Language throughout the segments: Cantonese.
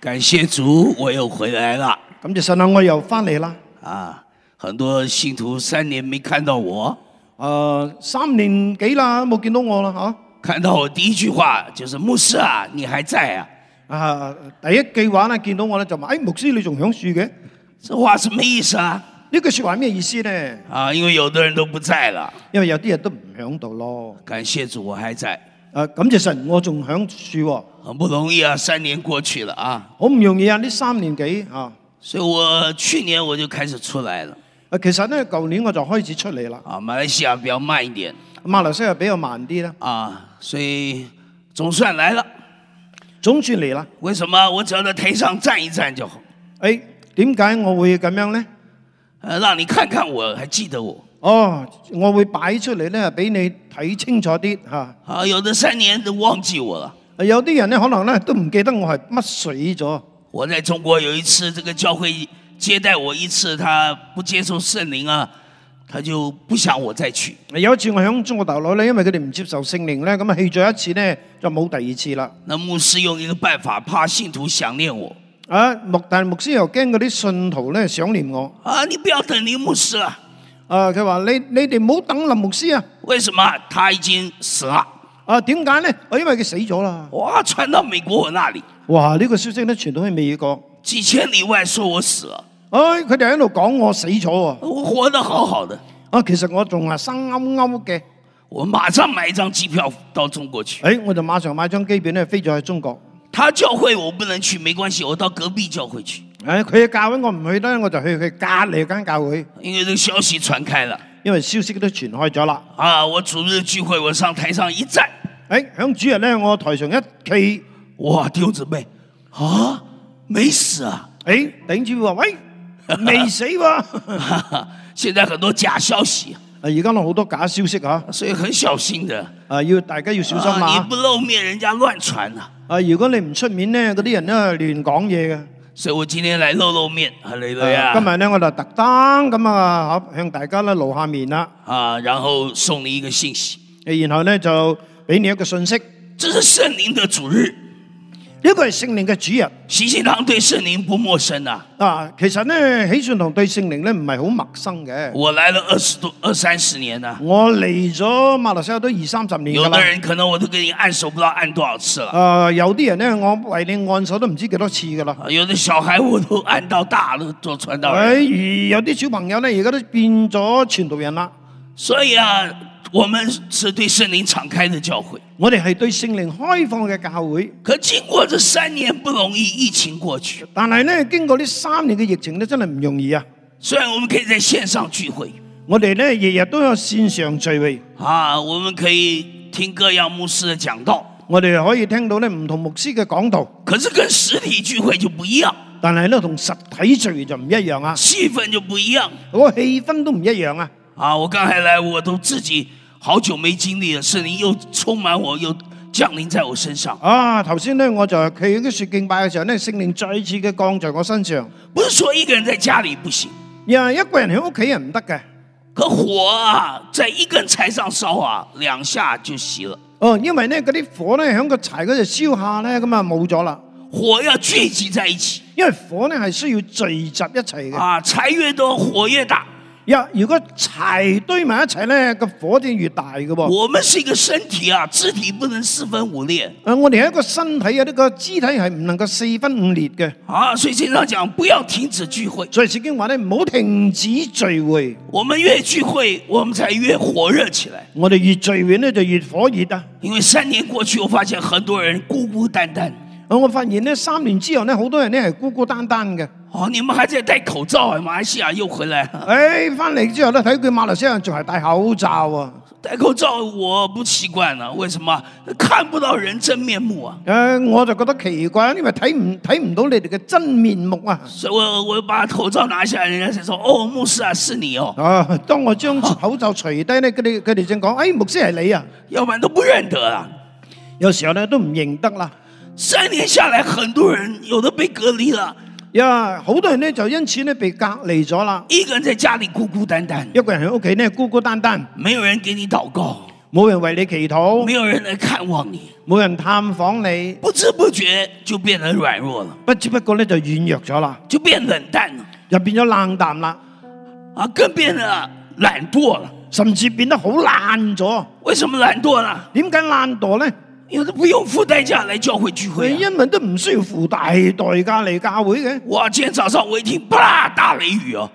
感謝主，我又回來了。咁就剎那我又翻嚟啦。啊，很多信徒三年沒看到我。呃，三年幾啦，冇見到我啦，嗬、啊。看到我第一句話就是牧師啊，你還在啊？啊，第一句話呢，見到我呢就問，哎，牧師你仲響樹嘅？這話什麼意思啊？呢句說話係咩意思呢？啊，因為有的人都不在啦。因為有啲人都唔響度咯。感謝主，我還在。啊，感謝神，我仲響樹喎。好不容易啊，三年過去了啊，好唔容易啊，呢三年幾啊，所以我去年我就開始出來了。啊，其實呢，舊年我就開始出嚟啦。啊，馬來西亞比較慢一點，馬來西亞比較慢啲啦。啊，所以總算來了，總算嚟啦。為什麼我只要在台上站一站就好？誒、哎，點解我會咁樣呢？啊，讓你看看我，我還記得我。哦、oh，我會擺出嚟咧，俾你睇清楚啲吓。啊，有的三年都忘記我啦。有啲人咧，可能咧都唔記得我係乜水咗。我在中國有一次，這個教會接待我一次，他不接受聖靈啊，他就不想我再去。有一次我響中國大陸咧，因為佢哋唔接受聖靈咧，咁啊去咗一次咧就冇第二次啦。那牧師用一個辦法，怕信徒想念我。啊，但牧師又驚嗰啲信徒咧想念我。啊，你不要等你牧師啦。啊！佢話你你哋唔好等林牧師啊？為什麼？他已經死了。啊？點解咧？因為佢死咗啦。哇！傳到美國我那裡。哇！呢個消息咧傳到去美國。幾千里外說我死啦。哎！佢哋喺度講我死咗啊，我死了。我活得好好的。啊！其實我仲係生勾勾嘅。我馬上買一張機票到中國去。哎！我就馬上買一張機票咧，飛咗去中國。他教會我不能去，沒關係，我到隔壁教會去。誒，佢嘅教會我唔去咧，我就去佢隔籬間教會。因為個消息傳開了，因為消息都傳開咗啦。啊，我主日聚會，我上台上一站，誒，響主日咧，我台上一企，哇，弟姊妹，啊，沒死啊！誒，頂住話喂，沒死喎 現在很多假消息，而家好多假消息啊，所以很小心的。啊，要大家要小心啊！啊，你不露面，人家亂傳啊。啊，如果你唔出面咧，嗰啲人咧亂講嘢嘅。所以我今天來露露面，樂、啊、呀、啊？今日咧我就特登咁啊，向大家咧露下面啦、啊。然後送你一個信息，然後呢，就給你一個信息，這是聖靈的主日。一個係聖靈嘅主人。喜信堂對聖靈不陌生啊！啊，其實咧，喜信堂對聖靈咧唔係好陌生嘅。我嚟咗二十多二三十年啦，我嚟咗馬來西亞都二三十年了。有啲人可能我都畀你按手，唔知按多少次啦。啊，有啲人咧，我為你按手都唔知幾多次噶啦、啊。有啲小孩我都按到大都做傳、哎、傳道人。誒，有啲小朋友咧，而家都變咗傳道人啦，所以啊。我們是對聖靈敞開的教會，我哋係對聖靈開放嘅教會。可經過這三年不容易，疫情過去，但係呢，經過呢三年嘅疫情呢真係唔容易啊。雖然我們可以在線上聚會，我哋呢日日都有線上聚會，啊，我們可以聽各樣牧師嘅講道，我哋可以聽到呢唔同牧師嘅講道。可是跟實體聚會就不一樣，但係呢，同實體聚會就唔一樣啊，氣氛就不一樣，我氣氛都唔一樣啊。啊，我剛才來我都自己。好久沒經歷了，聖靈又充滿我，又降臨在我身上。啊，頭先呢，我就企喺個說敬拜嘅時候，呢聖靈再一次嘅降在我身上。不是說一個人在家裏不行，呀，一個人喺屋企人唔得嘅。個火啊，在一個人柴上燒啊，兩下就熄了。哦、啊，因為呢嗰啲火呢喺個柴嗰度燒下呢，咁啊冇咗啦。火要聚集在一起，因為火呢係需要聚集一齊嘅。啊，柴越多火越大。呀，如果柴堆埋一齊，呢個火就越大噶噃。我們是一個身體啊，肢體不能四分五裂。誒，我哋一個身體啊，呢個肢體係唔能夠四分五裂嘅。啊，所以經常講不要停止聚會。所以聖經話咧，唔好停止聚會。我們越聚會，我們才越火熱起來。我哋越聚會咧，就越火熱啊。因為三年過去，我發現很多人孤孤單單。咁我發現呢，三年之後呢，好多人呢係孤孤單單嘅。哦，你們還在戴口罩？馬來西亞又回來了？誒、哎，翻嚟之後呢，睇佢馬來西亞仲係戴口罩啊！戴口罩我不奇怪啦，為什麼？看不到人真面目啊！誒、哎，我就覺得奇怪，因為睇唔睇唔到你哋嘅真面目啊！所以我我把口罩拿下來，人家先說：哦，牧師啊，是你哦！啊，當我將口罩除低呢，佢哋佢哋先講：誒、哎，牧師係你啊！要不然都不認得啊。有時候呢，都唔認得啦。三年下來，很多人有的被隔離啦。呀，好多人呢就因此呢被隔離咗啦，一個人在家裏孤孤單單，一個人喺屋企呢孤孤單單，沒有人給你禱告，冇人為你祈禱，沒有人來看望你，冇人探訪你，不知不覺就變得軟弱了，不知不覺咧就軟弱咗啦，就變冷淡啦，又變咗冷淡啦，啊，更變得懶惰了，甚至變得好懶咗。為什麼懶惰呢？點解懶惰呢？你都不用付代價嚟教會聚會、啊，英文都唔需要付大代價嚟教會嘅。我今日早上我一聽啪，嘩大雷雨哦！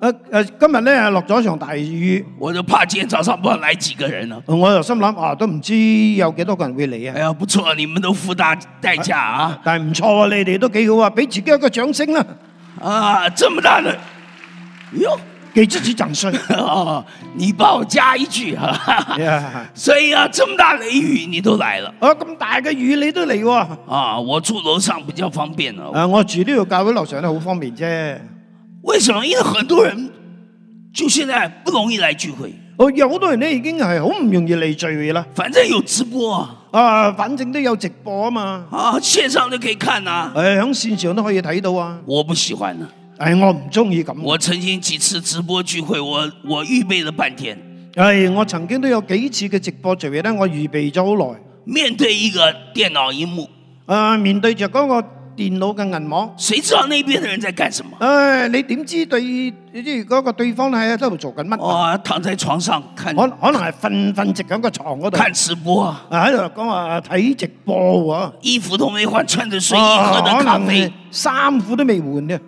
誒誒，今日咧落咗場大雨，我就怕今日早上唔好來幾個人咯、啊。我又心諗啊，都唔知有幾多個人會嚟啊。哎呀，不錯，你們都付大代價啊，啊！但係唔錯啊，你哋都幾好啊，俾自己一個掌聲啦、啊！啊，這麼大嘞，喲、哎！給自己掌聲你幫我加一句哈哈、yeah. 所以啊，這麼大雷雨你都來了，呃、啊，咁大嘅雨你都嚟哇、啊！啊，我住樓上比較方便啊！我，啊我住呢度教會樓上都好方便啫。為什麼？因為很多人就現在不容易來聚會，哦、啊，有好多人呢已經係好唔容易嚟聚會啦。反正有直播啊，啊，反正都有直播嘛，啊，線上都可以看啊，誒、啊，響線上都可以睇到啊。我不喜歡、啊唉、哎，我唔中意咁。我曾經幾次直播聚會，我我預備了半天。唉、哎，我曾經都有幾次嘅直播聚會咧，我預備咗好耐，面對一個電腦熒幕，啊，面對着嗰個電腦嘅銀幕，誰知道那邊嘅人在幹什麼？唉、哎，你點知對，你知嗰個對方喺度做緊乜？哦、啊，躺在床上，可可能係瞓瞓直喺個床嗰度。看直播，喺度講話睇直播啊！衣服都未換，穿着睡衣，喝着咖啡，衫褲都未換嘅。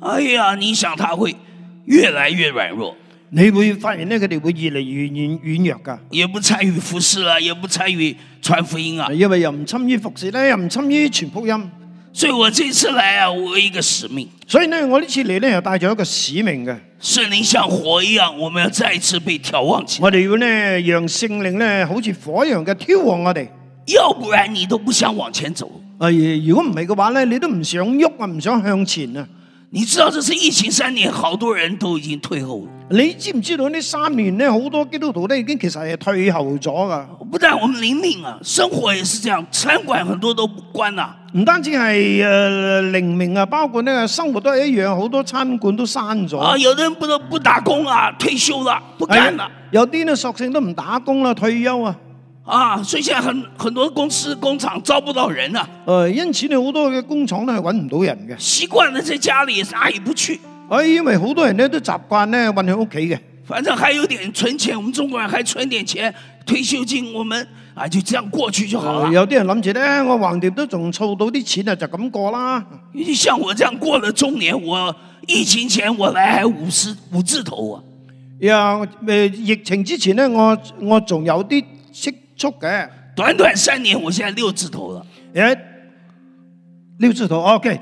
哎呀，你想他會越來越軟弱，你會發現呢佢哋會越嚟越軟軟弱噶，也不參與服侍啦，也不參與傳福音啊，因為又唔參與服侍咧，又唔參與傳福音，所以我這次嚟啊，我一個使命，所以呢，我呢次嚟呢又帶咗一個使命嘅。聖靈像火一樣，我們要再次被眺望起，我哋要呢讓聖靈呢好似火一樣嘅挑旺我哋，要不然你都不想往前走，誒、哎，如果唔係嘅話咧，你都唔想喐啊，唔想向前啊。你知道這次疫情三年，好多人都已經退後了。你知唔知道呢三年呢好多基督徒都已經其實係退後咗㗎。不但我們靈命啊，生活也是這樣。餐館很多都不關啦，啊，唔單止係誒靈命啊，包括呢生活都一樣，好多餐館都閂咗。啊，有的人不能不打工啊，退休了不幹了，哎，有啲呢索性都唔打工了，啊，退休啊。啊，所以現在很很多公司工廠招不到人啊。誒、呃，因此咧好多嘅工廠都係搵唔到人嘅。習慣了在家裏，啥也不去。誒、啊，因為好多人呢都習慣呢混喺屋企嘅。反正還有點存錢，我們中國人還存點錢，退休金，我們啊就這樣過去就好、呃。有啲人諗住呢，我橫掂都仲儲到啲錢啊，就咁過啦。你像我這樣過了中年，我疫情前我嚟五十五字頭啊。有、呃、疫情之前呢，我我仲有啲識。速嘅，短短三年，我現在六字頭啦，誒，六字頭，OK，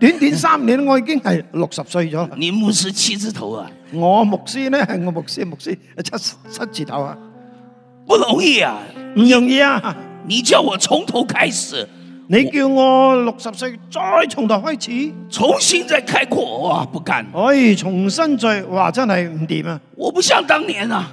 短短三年， 我已經係六十歲咗。你牧師七字頭啊，我牧師呢係我牧師，牧師七七字頭啊，不容易啊，唔容易啊你。你叫我從頭開始，你叫我六十歲再從頭開始，重新再開過，哇，唔敢，可、哎、以重新再，哇，真係唔掂啊，我不像當年啊。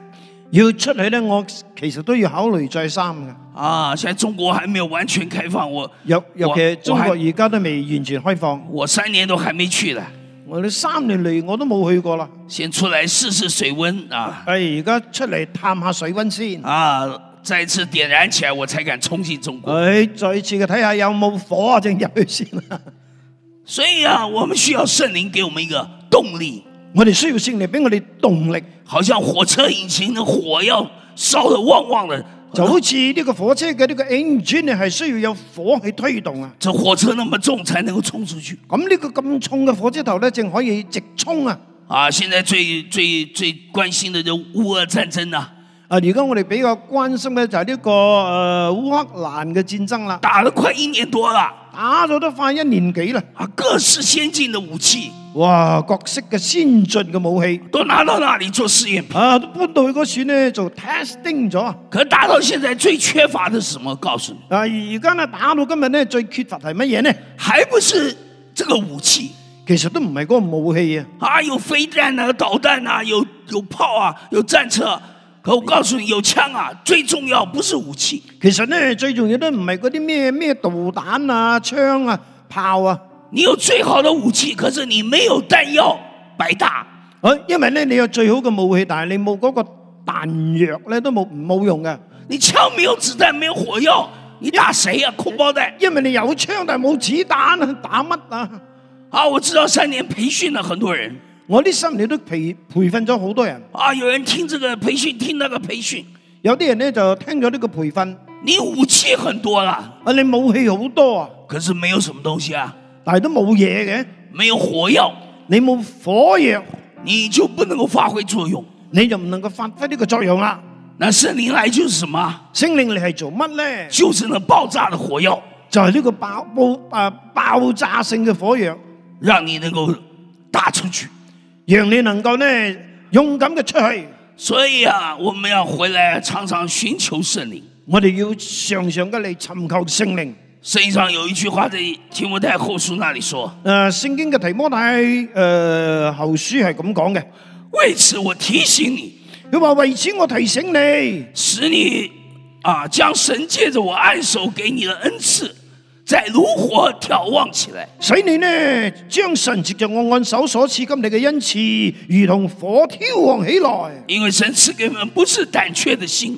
要出去呢，我其實都要考慮再三嘅。啊，現在中國還沒有完全開放。我，尤其中國而家都未完全開放，我三年都還沒去啦。我呢三年嚟我都冇去過啦。先出來試試水温啊！誒，而家出嚟探下水温先。啊，再次點燃起來，我才敢衝進中國。誒、哎，再次嘅睇下有冇火先入去先啦。 所以啊，我們需要聖靈給我們一個動力。我哋需要聖靈，俾我哋動力，好像火車引擎嘅火要燒得旺旺嘅。就好似呢個火車嘅呢個 engine 咧，係需要有火去推動啊。只火車那麼重，才能夠衝出去。咁呢個咁重嘅火車頭咧，正可以直衝啊！啊，現在最最最關心嘅就是烏俄戰爭啦、啊。啊，而家我哋比較關心嘅就係呢、這個誒、呃、烏克蘭嘅戰爭啦，打了快一年多了，打咗都快一年幾啦。啊，各式先進嘅武器。哇！各式嘅先進嘅武器都拿到那裏做試驗啊！都搬到去嗰時咧就 testing 咗，佢打到現在最缺乏嘅係什麼？我告訴你，啊，而家咧打到今日咧最缺乏係乜嘢咧？還不是這個武器，其實都唔係個武器啊！啊，有飛彈啊、那個、導彈啊，有有炮啊、有戰車，可我告訴你，有槍啊，最重要不是武器。其實咧，最重要都唔係嗰啲咩咩導彈啊、槍啊、炮啊。你有最好的武器，可是你沒有彈藥，白搭。誒，因為咧你有最好的武器，但係你冇嗰個彈藥咧都沒冇用啊。你槍沒有子彈，沒有火藥，你打誰啊？空包彈。因為你有槍，但是冇子彈啊，打乜啊？啊，我知道三年培訓了很多人，我呢三年都培培訓了好多人。啊，有人聽這個培訓，聽那個培訓，有啲人咧就聽咗呢個培訓。你武器很多啦，啊，你武器好多啊，可是沒有什麼東西啊。但係都冇嘢嘅，沒有火藥，你冇火藥，你就不能夠發揮作用，你就唔能夠發揮呢個作用啦，啊。那聖靈嚟就是什麼？聖靈嚟係做乜咧？就是呢爆炸嘅火藥，就係呢個爆爆啊爆，爆炸性嘅火藥，讓你能夠打出去，讓你能夠咧勇敢嘅出去。所以啊，我們要回來常常尋求聖靈，我哋要常常嘅嚟尋求聖靈。聖經上有一句話，在提摩太後書那裏說：呃，聖經的提摩太，呃，後書係咁講嘅。為此，我提醒你，因為為此我提醒你，使你啊，將神借着我按手給你的恩賜，再如火挑旺起來；使你呢，將神借着我按手所賜給你嘅恩賜，如同火挑旺起來。因為神賜給我們不是膽怯的心。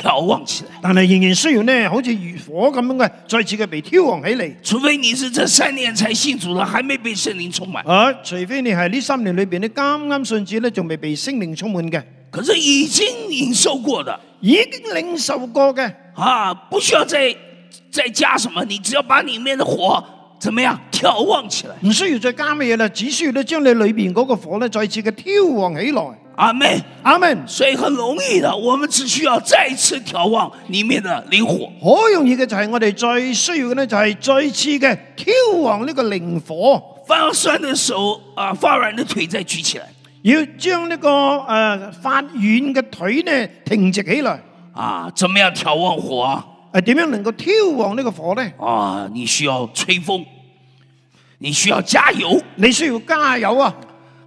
眺望起來，但係仍然需要呢，好似如火咁樣嘅，再次嘅被挑旺起嚟。除非你是這三年才信主啦，還沒被聖靈充滿。啊，除非你係呢三年裏邊，你啱啱信主呢，仲未被聖靈充滿嘅。佢是已經，領受已經領受過的，已經領受過嘅，啊，不需要再再加什麼，你只要把裏面嘅火，怎麼樣挑旺起來。唔需要再加乜嘢咧？只需要你將你裏邊嗰個火咧，再次嘅挑旺起來。阿門，阿門，所以很容易的，我們只需要再次挑旺裏面的靈火，好容易嘅就係我哋最需要嘅就係再次嘅挑旺呢個靈火，發酸嘅手啊，發軟嘅腿再舉起來，要將呢、這個誒發軟嘅腿呢，挺直起來。啊，怎麼樣挑旺火啊？係、啊、點樣能夠挑旺呢個火呢？啊，你需要吹風，你需要加油，你需要加油啊！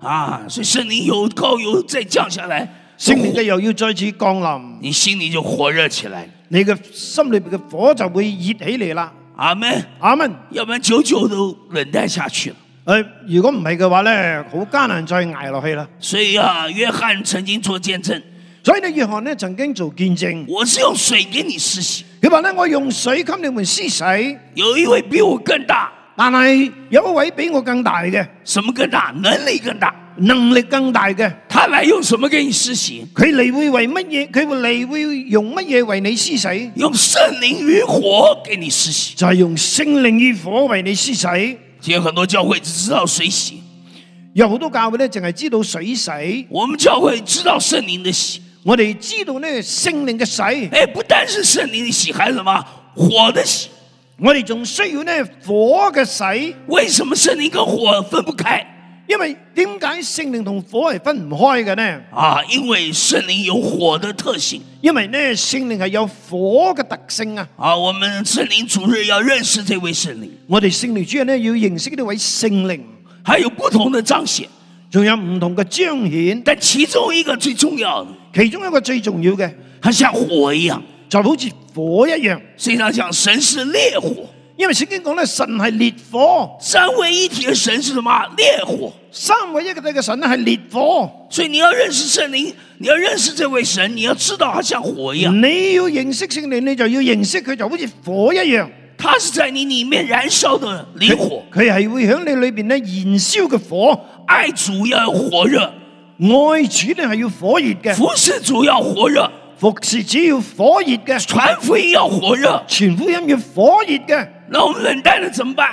啊！所以聖靈有高油再降下來，聖靈嘅又要再次降臨，你心裏就火熱起來，你嘅心裏邊嘅火就會熱起嚟啦。阿門阿門，要不然久久都冷淡下去了。誒、呃，如果唔係嘅話咧，好艱難再捱落去啦。所以啊，約翰曾經做見證，所以呢，約翰呢曾經做見證，我是用水給你施洗，佢話咧，我用水給你們施洗，有一位比我更大。但係有一位比我更大嘅，什麼更大？能力更大，能力更大嘅，他嚟用什麼給你施洗？佢嚟會為乜嘢？佢會嚟會用乜嘢為你施洗？用聖靈與火給你施洗，就是用聖靈與火為你施洗。其實很多教會只知道水洗，有好多教會咧淨係知道水洗。我們教會知道聖靈的洗，我哋知道呢聖靈嘅洗。誒，不單是聖靈的洗，還什麼火的洗？我哋仲需要呢火嘅洗，為什麼聖靈跟火分不開？因為點解聖靈同火係分唔開嘅呢？啊，因為聖靈有火嘅特性，因為呢聖靈係有火嘅特性啊！啊，我們聖靈主日要認識這位聖靈，我哋聖靈主日呢要認識呢位聖靈，係有不同的彰顯，仲有唔同嘅彰顯，但其中一個最重要，其中一個最重要嘅，係像火一樣。就好似火一樣，事實上神是烈火，因為聖經講咧神係烈火，三位一體嘅神是什麼？烈火，三位一體嘅神係烈火，所以你要認識聖靈，你要認識這位神，你要知道佢像火一樣。你要認識聖靈，你就要認識佢，就好似火一樣，佢係在你裏面燃燒的烈火，佢係會響你裏面咧燃燒嘅火。愛主要火熱，愛主要係要火熱嘅，服事主要火熱，服事主要火熱嘅，傳福音要火熱，傳福音要火熱嘅。那我們冷淡了怎麼辦？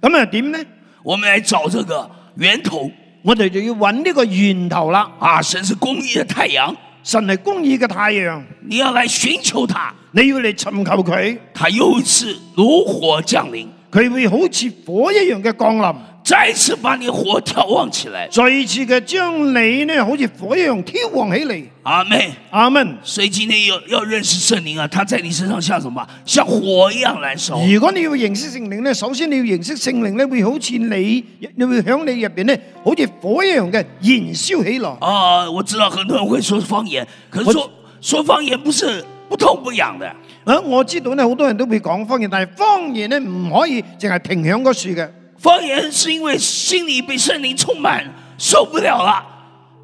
咁啊點呢？我們來找這個源頭，我哋就要揾呢個源頭啦。啊，神是公義嘅太陽，神係公義嘅太陽，你要來尋求他，你要嚟尋求佢，他又一次如火降臨，佢會好似火一樣嘅降臨。再次把你火挑旺起來，再一次嘅將你呢，好似火一樣挑旺起嚟。阿妹，阿門。所以今天要要認識聖靈啊，他在你身上像什麼？像火一樣燃燒。如果你要認識聖靈呢，首先你要認識聖靈呢，會好似你，你會響你入邊呢，好似火一樣嘅燃燒起來。啊，我知道很多人會說方言，可是說說方言不是不痛不癢的。啊、呃，我知道呢，好多人都會講方言，但係方言呢唔可以淨係停響個樹嘅。方言是因為心裏被聖靈充滿，受不了了，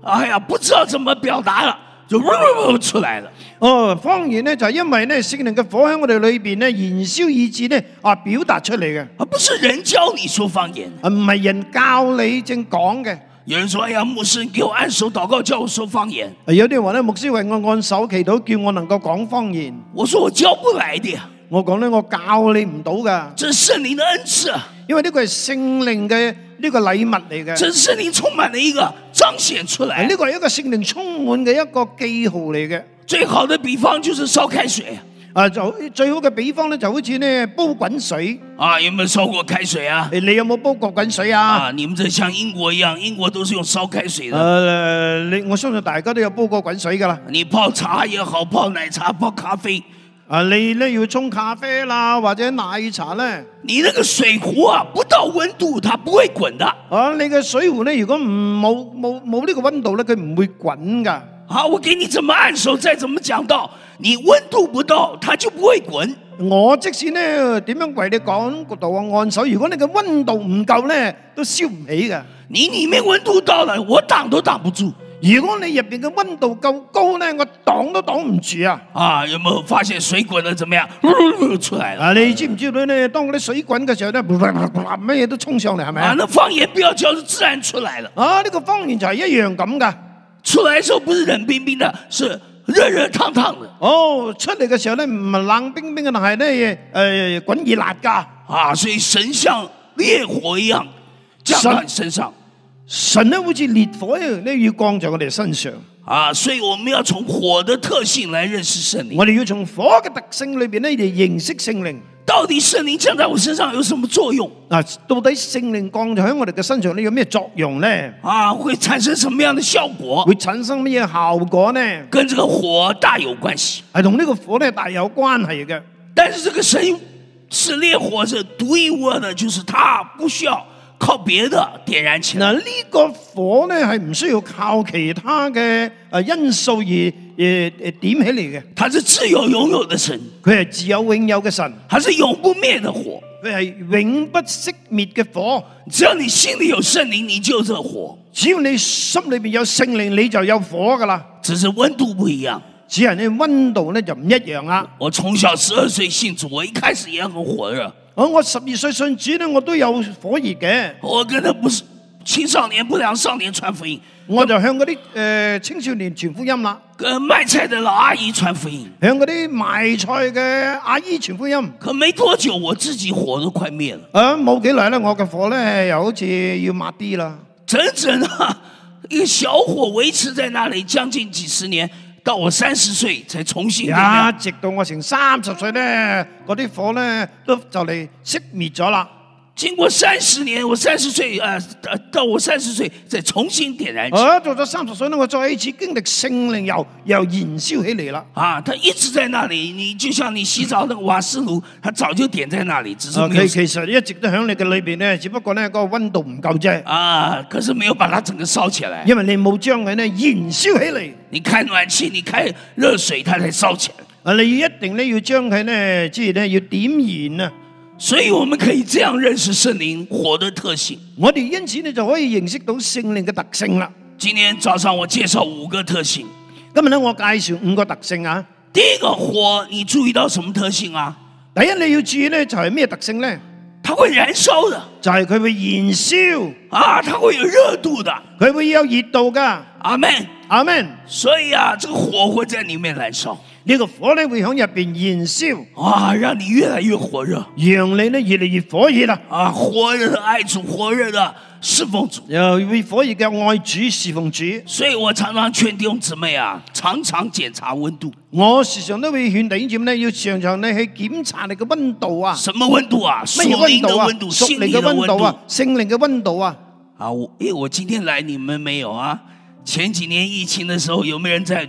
哎呀，不知道怎麼表達了，就呃呃呃出來了。哦，方言呢，就是因為呢，聖靈的火喺我哋裏邊呢，燃燒意志呢，啊，表達出嚟嘅。啊，不是人教你說方言，啊，唔係人教你正講嘅。有人說，哎呀，牧師你叫我按手禱告，教我說方言。有啲人話咧，牧師為我按手祈禱，叫我能夠講方言。我說我教不來的。我講咧，我教你唔到噶。這是你的恩賜，啊，因為呢個係聖靈嘅呢個禮物嚟嘅。這是你充滿嘅一個彰顯出嚟。呢、啊這個係一個聖靈充滿嘅一個記號嚟嘅。最好的比方就是燒開水，啊就最好嘅比方咧就好似咧煲滾水。啊，有冇燒過開水啊？你有冇煲過滾水啊？你們就像英國一樣，英國都是用燒開水的，啊。你我相信大家都有煲過滾水噶啦。你泡茶也好，泡奶茶、泡咖啡。啊，你呢要沖咖啡啦，或者奶茶呢？你那個水壺啊，不到温度，它不會滾的。哦、啊，你個水壺呢，如果唔冇冇冇呢個温度呢，佢唔會滾噶。好、啊，我給你怎麼按手，再怎麼講到，你温度不到，它就不會滾。我即使呢點樣為你講嗰度啊按手，如果你個温度唔夠呢，都燒唔起噶。你裏面温度到啦，我擋都擋不住。如果你入邊嘅溫度夠高咧，我擋都擋唔住啊！啊，有冇發現水滾得怎麼樣？出來了啊！你知唔知道咧？當嗰啲水滾嘅時候咧，乜、呃、嘢、呃呃、都衝上嚟，係咪啊？那方言表就自然出來了。啊，呢、這個方言就係一樣咁噶，出來時候不是冷冰冰的，是熱熱燙燙。哦，出嚟嘅時候咧唔係冷冰冰嘅，係咧誒滾熱辣噶。啊，所以神像烈火一樣降喺你身上。神咧好似烈火一樣，咧要降在我哋身上啊，所以我們要從火的特性來認識聖靈。我哋要從火嘅特性裏邊咧嚟認識聖靈，到底聖靈降在我身上有什麼作用？嗱，到底聖靈降喺我哋嘅身上咧有咩作用呢？啊，會產生什麼樣嘅效果？會產生咩效果呢？跟這個火大有關係，係同呢個火咧大有關係嘅。但是這個神是烈火，是獨一無二嘅，就是他不需要。靠別的點燃起？嗱呢個火呢係唔需要靠其他嘅因素而、呃、點起嚟嘅。它是自有永有的神，佢係自有永有嘅神，它是永不滅的火，佢係永不熄滅嘅火。只要你心裏有聖靈，你就有火；只要你心裏面有聖靈，你就有火噶啦。只是温度不一樣，只係你温度呢就唔一樣啦。我從小十二歲信主，我一開始也很火熱。我我十二歲信主呢，我都有火熱嘅。我覺得不是青少年不良少年傳福音，我就向嗰啲誒青少年傳福音啦。誒，賣菜的老阿姨傳福音，向嗰啲賣菜嘅阿姨傳福音。可沒多久，我自己火都快滅了。啊，冇幾耐呢，我嘅火咧又好似要抹啲啦。整整啊，一個小火維持在那裡，將近幾十年。到我三十歲才重新燃燒。現直到我成三十歲呢，嗰啲火呢，都就嚟熄滅咗喇經過三十年，我三十歲，呃，到我三十歲再重新點燃。啊，所以上十說，那我做一及更的聖靈，要要燃燒起來啦。啊，他一直在那裏，你就像你洗澡那個瓦斯爐，他早就點在那裏，只是沒有 OK，、啊、其實一直都響你個裏邊呢，只不過那個溫度唔夠啫。啊，可是沒有把它整個燒起來，因為你冇將佢呢燃燒起來。你開暖氣，你開熱水，它才燒起來。啊，你一定呢要將佢呢，即係呢要點燃啊。所以我們可以這樣認識聖靈火的特性，我哋因此呢就可以認識到聖靈嘅特性啦。今天早上我介紹五個特性，今日呢我介紹五個特性啊。第一個火，你注意到什麼特性啊？第一你要注意呢就係咩特性呢？它會燃燒的，就係佢會燃燒啊，它會有熱度的，佢會有熱度㗎。阿門，阿門。所以啊，這個火會在裏面燃燒。一個火呢會響入邊燃燒啊，讓你越來越火熱，讓你呢越來越火熱啊！啊，火熱的愛主，火熱的侍奉主，有為火熱嘅愛主侍奉主，所以我常常勸弟兄姊妹啊，常常檢查溫度。我時常都會勸弟兄姊妹呢，要常常呢去檢查你嘅溫、啊、溫度啊。什麼溫度啊？屬靈的溫度、啊，心靈的溫度，聖靈嘅溫、啊、溫度啊！啊，我，哎，我今天來你們沒有啊？前幾年疫情的時候，有沒有人在？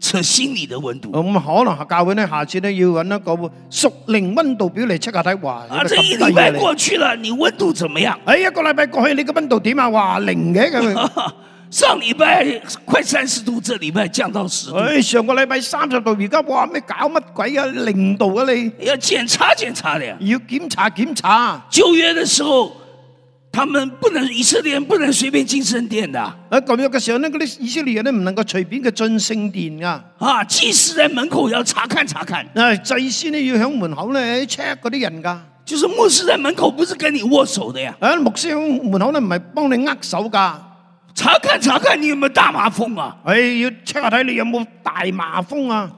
測心理的溫度，我們可能教佢呢，下次呢要揾一個屬靈溫度表嚟測下睇，哇，咁得意嘅。啊，這一禮拜過去了，你溫度怎麼樣？誒，一個禮拜過去，你個溫度點啊？哇，零嘅咁。上禮拜快三十度，這禮拜降到十度。誒、哎，上個禮拜三十度，而家哇咩搞乜鬼啊？零度啊，你要檢查檢查？要檢查檢查咧。要檢查檢查。舊約的時候。他們不能，以色列人不能隨便進聖殿的、啊。喺咁樣嘅時候，呢啲以色列人咧唔能夠隨便嘅進聖殿啊。啊，祭司喺門口要查看查看。啊，祭司呢要喺門口咧 check 嗰啲人噶，就是牧師喺門口不是跟你握手的呀、啊。啊，牧師喺門口呢，唔係幫你握手噶，查看查看你有冇大麻風啊？哎，要 check 下睇你有冇大麻風啊？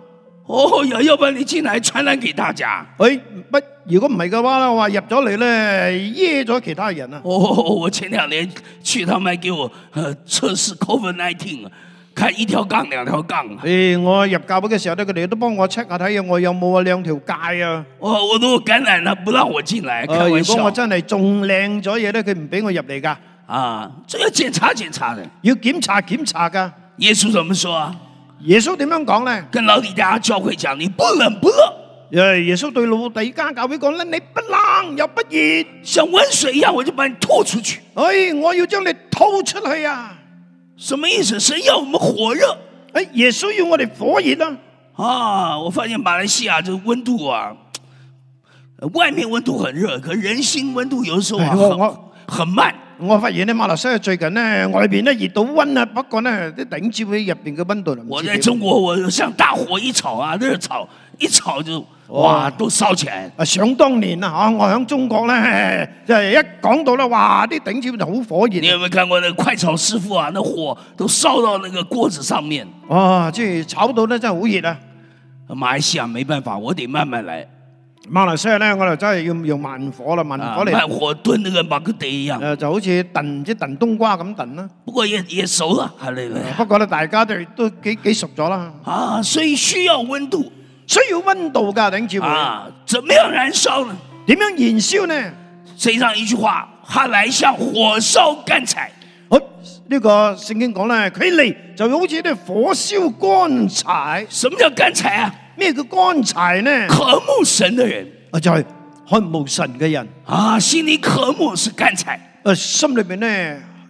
哦，又又怕你進來傳染給大家。哎，不。如果唔係嘅話啦，我話入咗嚟咧，惹咗其他人啊、哦！我前兩年去，他們叫我測試 Covid nineteen 啊，開一條槓兩條槓。誒、哎，我入教會嘅時候咧，佢哋都幫我 check 下睇下我有冇啊兩條街啊。我、哦、我都感染啦，不讓我進來。如果我真係仲靚咗嘢咧，佢唔俾我入嚟噶。啊，仲要檢查檢查嘅，要檢查檢查噶。耶穌怎麼說啊？耶穌點樣講咧？跟老底嘉教會講，你不冷不熱。誒，耶穌對老底嘉教會講啦：你不冷又不熱，像溫水一樣，我就把你吐出去。哎，我要將你吐出去呀、啊！什麼意思？神要我們火熱。哎，耶穌要我們火熱呢、啊？啊，我發現馬來西亞這個溫度啊、呃，外面溫度很熱，可人心溫度有的時候、啊哎、很慢。我發現呢，馬來西亞最近呢，外邊呢熱到溫啊，不過呢，啲頂住位入邊嘅溫度。我在中國，我像大火一炒啊，熱炒一炒就。哇，哇，都燒錢！啊，想當年啊，我響中國咧，即係一講到啦，哇，啲頂尖就好火熱。你有冇看過啲快炒師傅啊？那火都燒到那個鍋子上面。即係炒到咧，真係好熱啊。馬來西亞冇辦法，我哋慢慢嚟。馬來西亞咧，我就真係要用慢火啦，慢火嚟、啊。慢火燉呢個馬哥地啊，就好似燉即係燉冬瓜咁燉啦。不過，嘢一熟啦，係咪？不過咧，大家都都幾幾熟咗啦。啊，所以需要溫度。需要溫度噶人，頂住！啊？怎麼樣燃燒呢？點樣燃燒呢？身上一,一句話，他來像火燒乾柴。哦、啊、呢、這個聖經講咧，佢嚟就好似啲火燒乾柴。什麼叫乾柴啊？咩叫乾柴呢？渴慕神的人，而、啊、就係、是、渴慕，慕神嘅人，啊，心裏渴慕，是乾柴，而、啊、心裏面呢？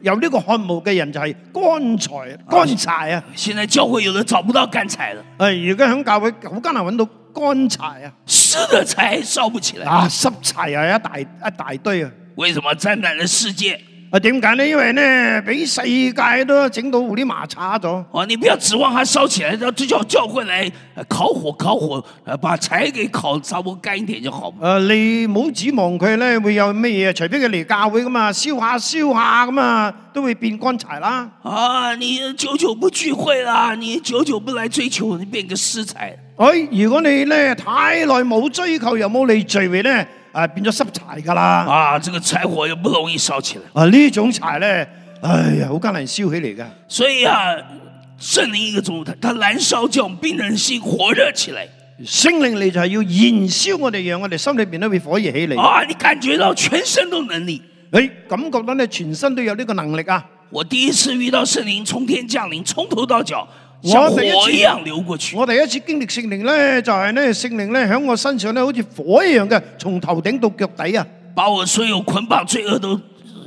有呢個漢墓嘅人就係乾柴，乾柴啊！啊，現在教會有人找不到乾柴啦，誒，而家響教會好艱難揾到乾柴啊！濕嘅柴燒不起來啊，濕柴啊，一大，一大堆啊！為什麼站在呢世界？啊，點解呢？因為呢，被世界都整到烏哩麻差咗，啊。你不要指望佢燒起來，就叫叫過來烤火烤火，把柴給烤走乾一點就好。啊，你唔好指望佢呢會有乜嘢，除非佢嚟教會咁，燒下燒下咁，都會變乾柴啦。啊，你久久不聚會啦，你久久不來追求，你變個濕柴誒，如果你呢太耐冇追求，又冇嚟聚會呢。啊，變咗濕柴噶啦！啊，這個柴火又不容易燒起來。啊，呢種柴呢，哎呀，好艱難燒起嚟噶。所以啊，聖靈一個燭，它它燃燒就令人心火熱起來。聖靈嚟就係要燃燒我哋，讓我哋心裏邊都會火熱起嚟。啊，你感覺到全身都能力，誒、哎，感覺到你全身都有呢個能力啊！我第一次遇到聖靈從天降臨，從頭到腳。一樣流過去我第一次，我第一次經歷聖靈咧，就係呢，聖靈咧響我身上咧，好似火一樣嘅，從頭頂到腳底啊，把我所有捆綁罪惡都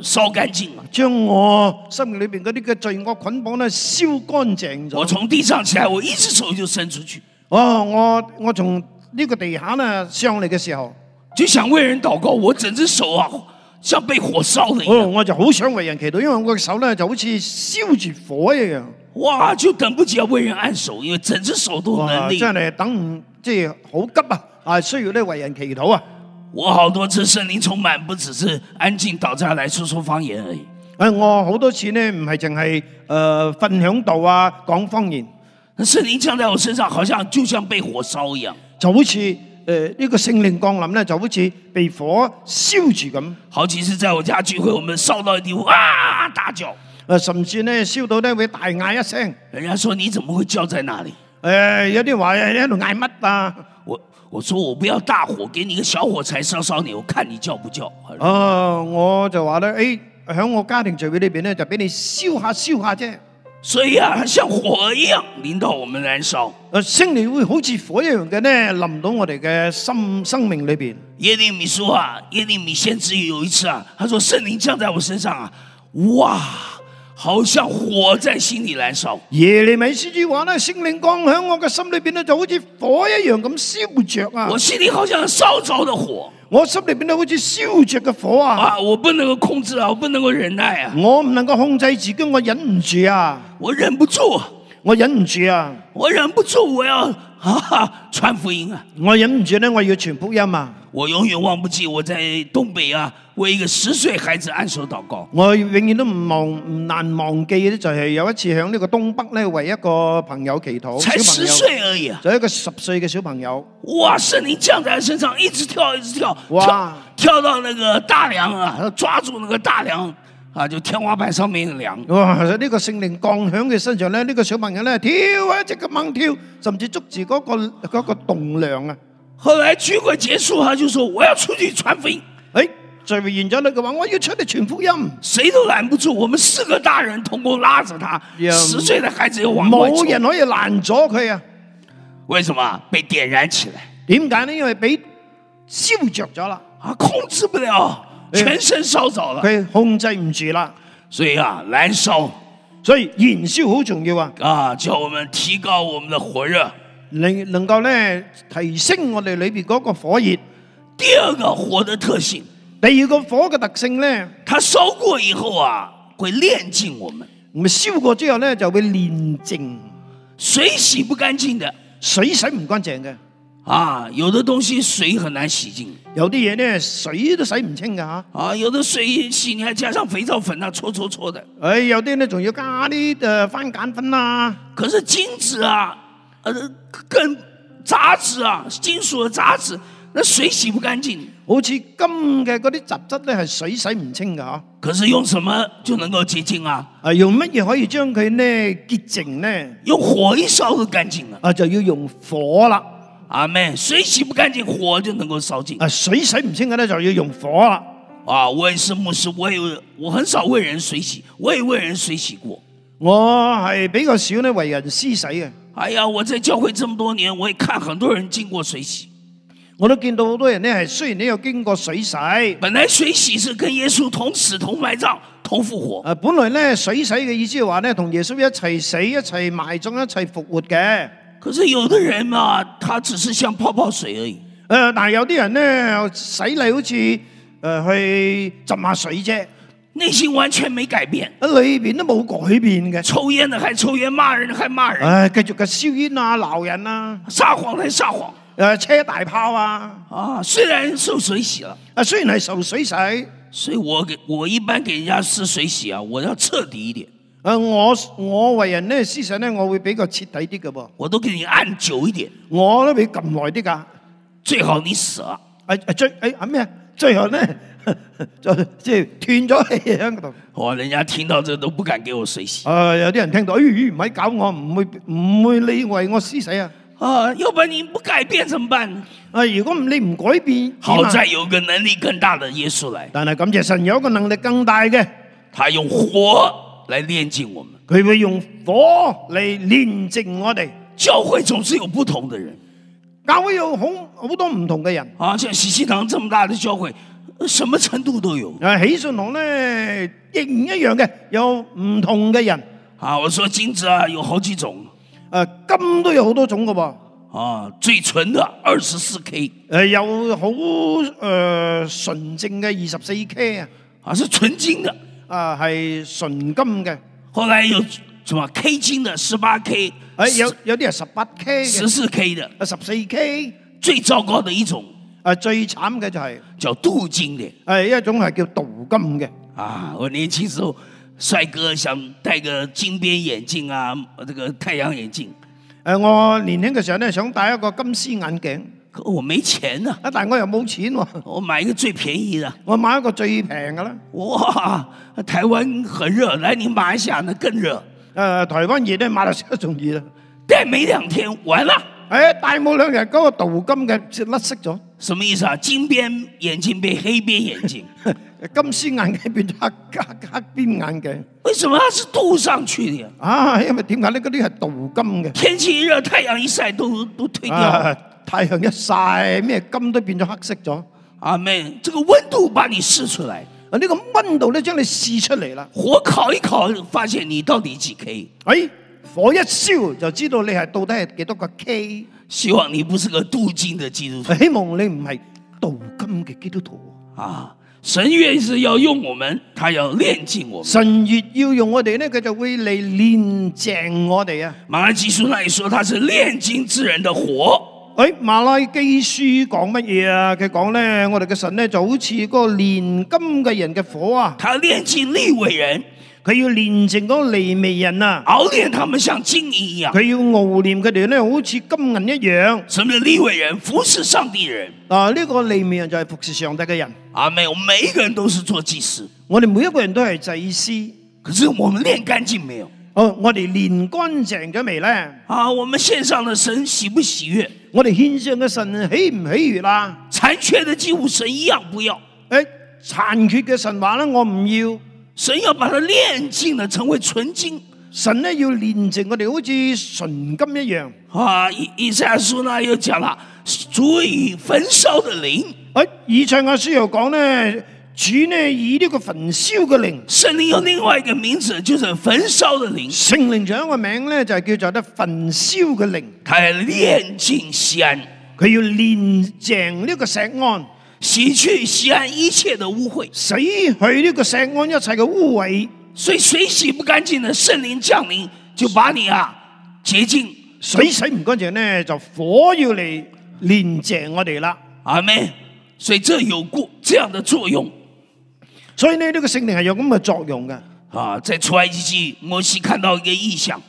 燒乾淨，將我心裏邊嗰啲嘅罪惡捆綁咧燒乾淨咗。我從地上起來，我一隻手就伸出去，哦、啊，我我從呢個地下呢上嚟嘅時候，只想為人禱告，我整隻手啊，像被火燒嚟。哦，我就好想為人祈禱，因為我嘅手咧就好似燒住火一樣。哇！就等不及要為人按手，因為整隻手都能力。真係等唔，即係好急啊！啊，需要呢為人祈禱啊！我好多次聖靈充滿，不只是安靜倒下嚟說說方言而已。誒、哎，我好多次呢唔係淨係誒分享道啊，講方言。聖靈降在我身上，好像就像被火燒一樣，就好似誒呢個聖靈降臨呢，就好似被火燒住咁。好幾次在我家聚會，我們燒到一地，哇、啊！大叫。甚至咧燒到咧會大嗌一聲。人家說，你怎麼會叫在那裏？誒、哎，有啲話喺度嗌乜啊？我我說我不要大火，給你一個小火柴燒燒你，我看你叫不叫？哦、啊，我就話咧，誒、哎，響我家庭聚會裏邊呢，就俾你燒下燒下啫。所以啊，像火一樣臨到我們燃燒。誒，聖靈會好似火一樣嘅呢，臨到我哋嘅心生命裏邊。耶利米書啊，耶利米先至有一次啊，他說聖靈降在我身上啊，哇！好像火在心裏燃燒，耶利米書記話呢，聖靈降響我嘅心裏邊呢，就好似火一樣咁燒着啊！我心裏好像燒着的火，啊，我心裏邊都好似燒着嘅火啊！啊，我不能夠控制啊，我不能夠忍耐啊，我唔能夠控制自己，我忍唔住啊，我忍不住。我忍唔住啊！我忍不住，我要哈哈傳福音啊！我忍唔住呢，我要傳福音啊！我永遠忘不記，我在東北啊，為一個十歲孩子按手禱告。我永遠都唔忘唔難忘記嘅，就係有一次響呢個東北呢，為一個朋友祈禱。才十歲而已，啊，就一個十歲嘅小朋友。哇！聖靈降在身上，一直跳，一直跳，跳跳到那個大梁啊！抓住那個大梁啊。啊！就天花板上面梁，哇！呢、這個聖靈降響佢身上呢、這個小朋友咧跳啊，即刻猛跳，甚至捉住嗰、那個嗰、那個棟梁啊！後來聚會結束，他就說：我要出去傳福音。誒、哎，聚會完咗，佢話：我要出去傳福音，誰都攔不住。我們四個大人同我拉住他，十歲的孩子又往，冇人可以攔咗佢啊。為什麼？被點燃起來，點解呢？因為被燒着咗啊，控制不了。全身燒咗啦，佢控制唔住啦，所以啊，燃燒，所以燃燒好重要啊！啊，叫我們提高我們的火熱，能能夠咧提升我哋裏邊嗰個火熱。第二個火的特性，第二個火嘅特性咧，它燒過以後啊，會煉淨我們，我們燒過之後咧就會煉淨，水洗不乾淨的，水洗唔乾淨嘅。啊，有的東西水很難洗淨，有的嘢呢水都洗唔清噶啊！啊，有的水洗，你還加上肥皂粉啦、啊，搓搓搓的。誒、哎，有的呢仲要加啲誒番梘粉啦、啊。可是金子啊，呃跟雜質啊，金屬的雜質，那水洗不乾淨。好似金嘅嗰啲雜質呢，係水洗唔清噶嗬、啊。可是用什麼就能夠潔淨啊？啊，用乜嘢可以將佢呢潔淨呢？用火一燒就乾淨啊！啊，就要用火啦。阿妹，水洗不乾淨，火就能夠燒淨。啊，水洗唔清的呢，就要用火了。啊，我也是牧師，我也我很少為人水洗，我也為人水洗過。我係比較少呢為人施洗嘅。哎呀，我在教會這麼多年，我也看很多人經過水洗，我都見到好多人呢係，雖然你有經過水洗，本來水洗是跟耶穌同死同埋葬同復活。啊，本來呢水洗嘅意思係話呢同耶穌一齊死一齊埋葬一齊復活嘅。可是有的人嘛、啊，他只是想泡泡水而已。呃，但有的人呢，洗嚟好似，呃，去浸下水啫。內心完全沒改變，啊，裏邊都冇改變嘅。抽煙的還抽煙，罵人的還罵人。哎、啊，繼續個燒煙啊，鬧人啊，撒謊還撒謊，呃，車大炮啊，啊，雖然受水洗了，啊，雖然受水洗，所以我給我一般給人家施水洗啊，我要徹底一點。誒、uh,，我我為人呢思想呢，我會比較徹底啲嘅噃。我都給你按久一點，我都俾撳耐啲噶。最後你死，誒、uh, 誒、uh, 最誒啊咩啊？最後呢 就即係斷咗氣喺個度。 哇！人家聽到這都不敢給我水洗。誒、uh,，有啲人聽到，唔、哎、係搞我，唔會唔會理會我思想啊。啊、uh,，要不然你不改變怎麼辦？啊，如果唔你唔改變，好在有個能力更大嘅耶穌嚟。但係感謝神有個能力更大嘅，他用火。嚟煉淨我們，佢會用火嚟煉淨我哋。教會總是有不同的人，教會有好好多唔同嘅人啊。像喜信堂這麼大嘅教會，什麼程度都有。啊，喜信堂咧亦唔一樣嘅，有唔同嘅人啊。我說金子啊，有好幾種，誒金都有好多種噶噃，啊最純嘅二十四 K，誒有好誒純正嘅二十四 K 啊，啊是純金嘅。啊，係純金嘅。後來有什麼 K 金嘅，十八 K，誒有有啲係十八 K，十四 K 嘅，十四 K 最糟糕的一種，啊最慘嘅就係就鍍金嘅，係一種係叫鍍金嘅。啊，我年輕時候，帥哥想戴個金邊眼鏡啊，、這個、啊，我這個太陽眼鏡。誒，我年輕嘅時候咧，想戴一個金絲眼鏡。我沒錢呐，啊！但我又冇錢喎、啊，我買一個最便宜的，我買一個最平嘅啦。哇！台灣很熱，來你馬來西亞呢更熱。呃，台灣熱咧，馬來西亞仲熱，戴、啊哎、沒兩天完啦、啊、哎，戴冇兩日，嗰、那個鍍金嘅甩色咗，什麼意思啊？金邊眼鏡變黑邊眼鏡。 金絲眼鏡變咗黑黑黑邊眼鏡，為什麼？係鍍上去嘅啊！因爲點解呢？嗰啲係鍍金嘅。天氣一熱，太陽一曬都都褪掉。啊、太陽一曬，咩金都變咗黑色咗。阿妹，這個溫度把你試出來，呢、啊這個溫度呢將你試出嚟啦。火、啊、烤、這個、一烤，發現你到底幾 K、欸。火一燒就知道你係到底係幾多個 K。希望你不是個鍍金嘅基督徒。希望你唔係鍍金嘅基督徒啊！神越是要用我們，他要煉淨我們。神越要用我哋呢，佢就會嚟煉淨我哋啊。瑪拉基書來說，他是煉金之人的火。誒、哎，瑪拉基書講乜嘢啊？佢講呢，我哋嘅神呢就好似個煉金嘅人嘅火啊。他煉淨利未人。佢要練成個利未人啊！熬煉他們像金一樣，佢要熬煉佢哋咧，好似金銀一樣。甚至呢位人，服侍上帝人啊，啊！呢個利未人就係服侍上帝嘅人。阿妹，每一個人都係做祭司，我哋每一個人都係祭司，可是我哋練乾淨未？哦，我哋練乾淨咗未咧？啊，啊，我哋獻上嘅神喜唔喜悅？我哋獻上嘅神喜唔喜悅啦？殘缺嘅祭物神一樣不要，誒，殘缺嘅神話咧我唔要。神要把它煉淨，呢成為純金。神呢要煉淨我哋，好似純金一樣。啊，以以賽亞書呢又講啦，主以焚燒的靈。誒、啊，以賽亞書又講呢，主呢以呢個焚燒嘅靈，神靈有另外一個名字，就是焚燒的靈。聖靈仲有一個名呢，就叫做得焚燒嘅靈，佢係煉淨先，佢要煉淨呢個石案。洗去西安一切的污穢，洗去呢個西安一切嘅污穢，所以水洗不乾淨呢，聖靈降臨就把你啊潔淨，水洗唔乾淨呢就火要嚟煉淨我哋啦，阿、啊、妹，所以這有故這樣的作用，所以呢呢個聖靈係有咁嘅作用嘅，啊，在出埃及記，我、這、係、個、看到一個意象，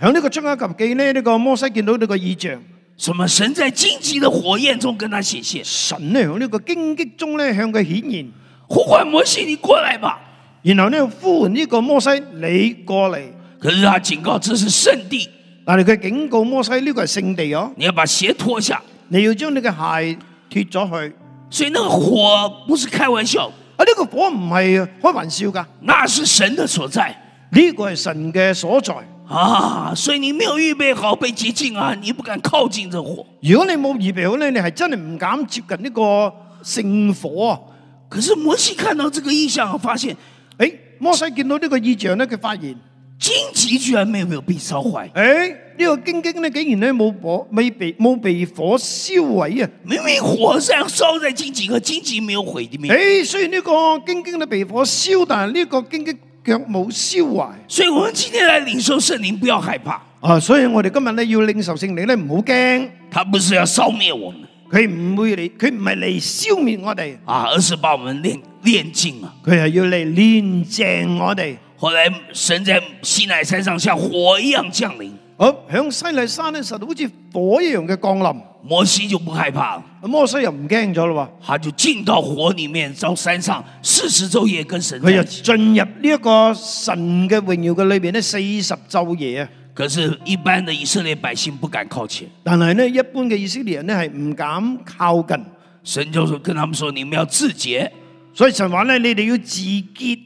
響呢個出埃及記呢，呢個摩西見到呢個意象。什麼神在荊棘的火焰中跟他顯現？神呢向呢個荊棘中呢向佢顯現，呼喚摩西你過來吧。然後呢呼喚呢個摩西你過嚟，可是他警告這是聖地，但係佢警告摩西呢、這個係聖地哦，你要把鞋脱下，你要將你嘅鞋脱咗去。所以那個火不是開玩笑，啊呢、這個火唔係開玩笑噶，那是神的所在，呢、這個係神嘅所在。啊！所以你沒有預備好被接近啊，你不敢靠近這火。如果你冇預備好咧，你係真係唔敢接近呢個聖火、啊。可是摩西看到這個異象，發現，誒、哎，摩西見到呢個異象呢，呢佢發現荊棘居然沒有被燒壞。誒、哎，這個、呢個荊棘咧竟然咧冇火未被冇被火燒毀啊！明明火上燒晒荊棘，個荊棘沒有毀啲咩？誒、哎，所以呢個荊棘咧被火燒，但係呢個荊棘。腳冇燒壞，所以，我們今天嚟領受聖靈、啊，不要害怕啊！所以我哋今日咧要領受聖靈咧，唔好驚。他不是要燒滅我們，佢唔會嚟，佢唔係嚟消滅我哋，而是把我們練練精啊！佢係要嚟練正我哋，後來神在西奈山上像火一樣降臨。喺、哦、西奈山呢，實好似火一樣嘅降臨。摩西就唔害怕，摩西又唔驚咗啦，話就進到火裏面，喺山上四十晝夜跟神。佢就進入呢一個神嘅榮耀嘅裏邊呢，四十晝夜。可是，一般嘅以色列百姓不敢靠前。但係呢，一般嘅以色列人呢係唔敢靠近。神就咁跟他們說：你們要自潔，所以神話呢，你哋要自潔，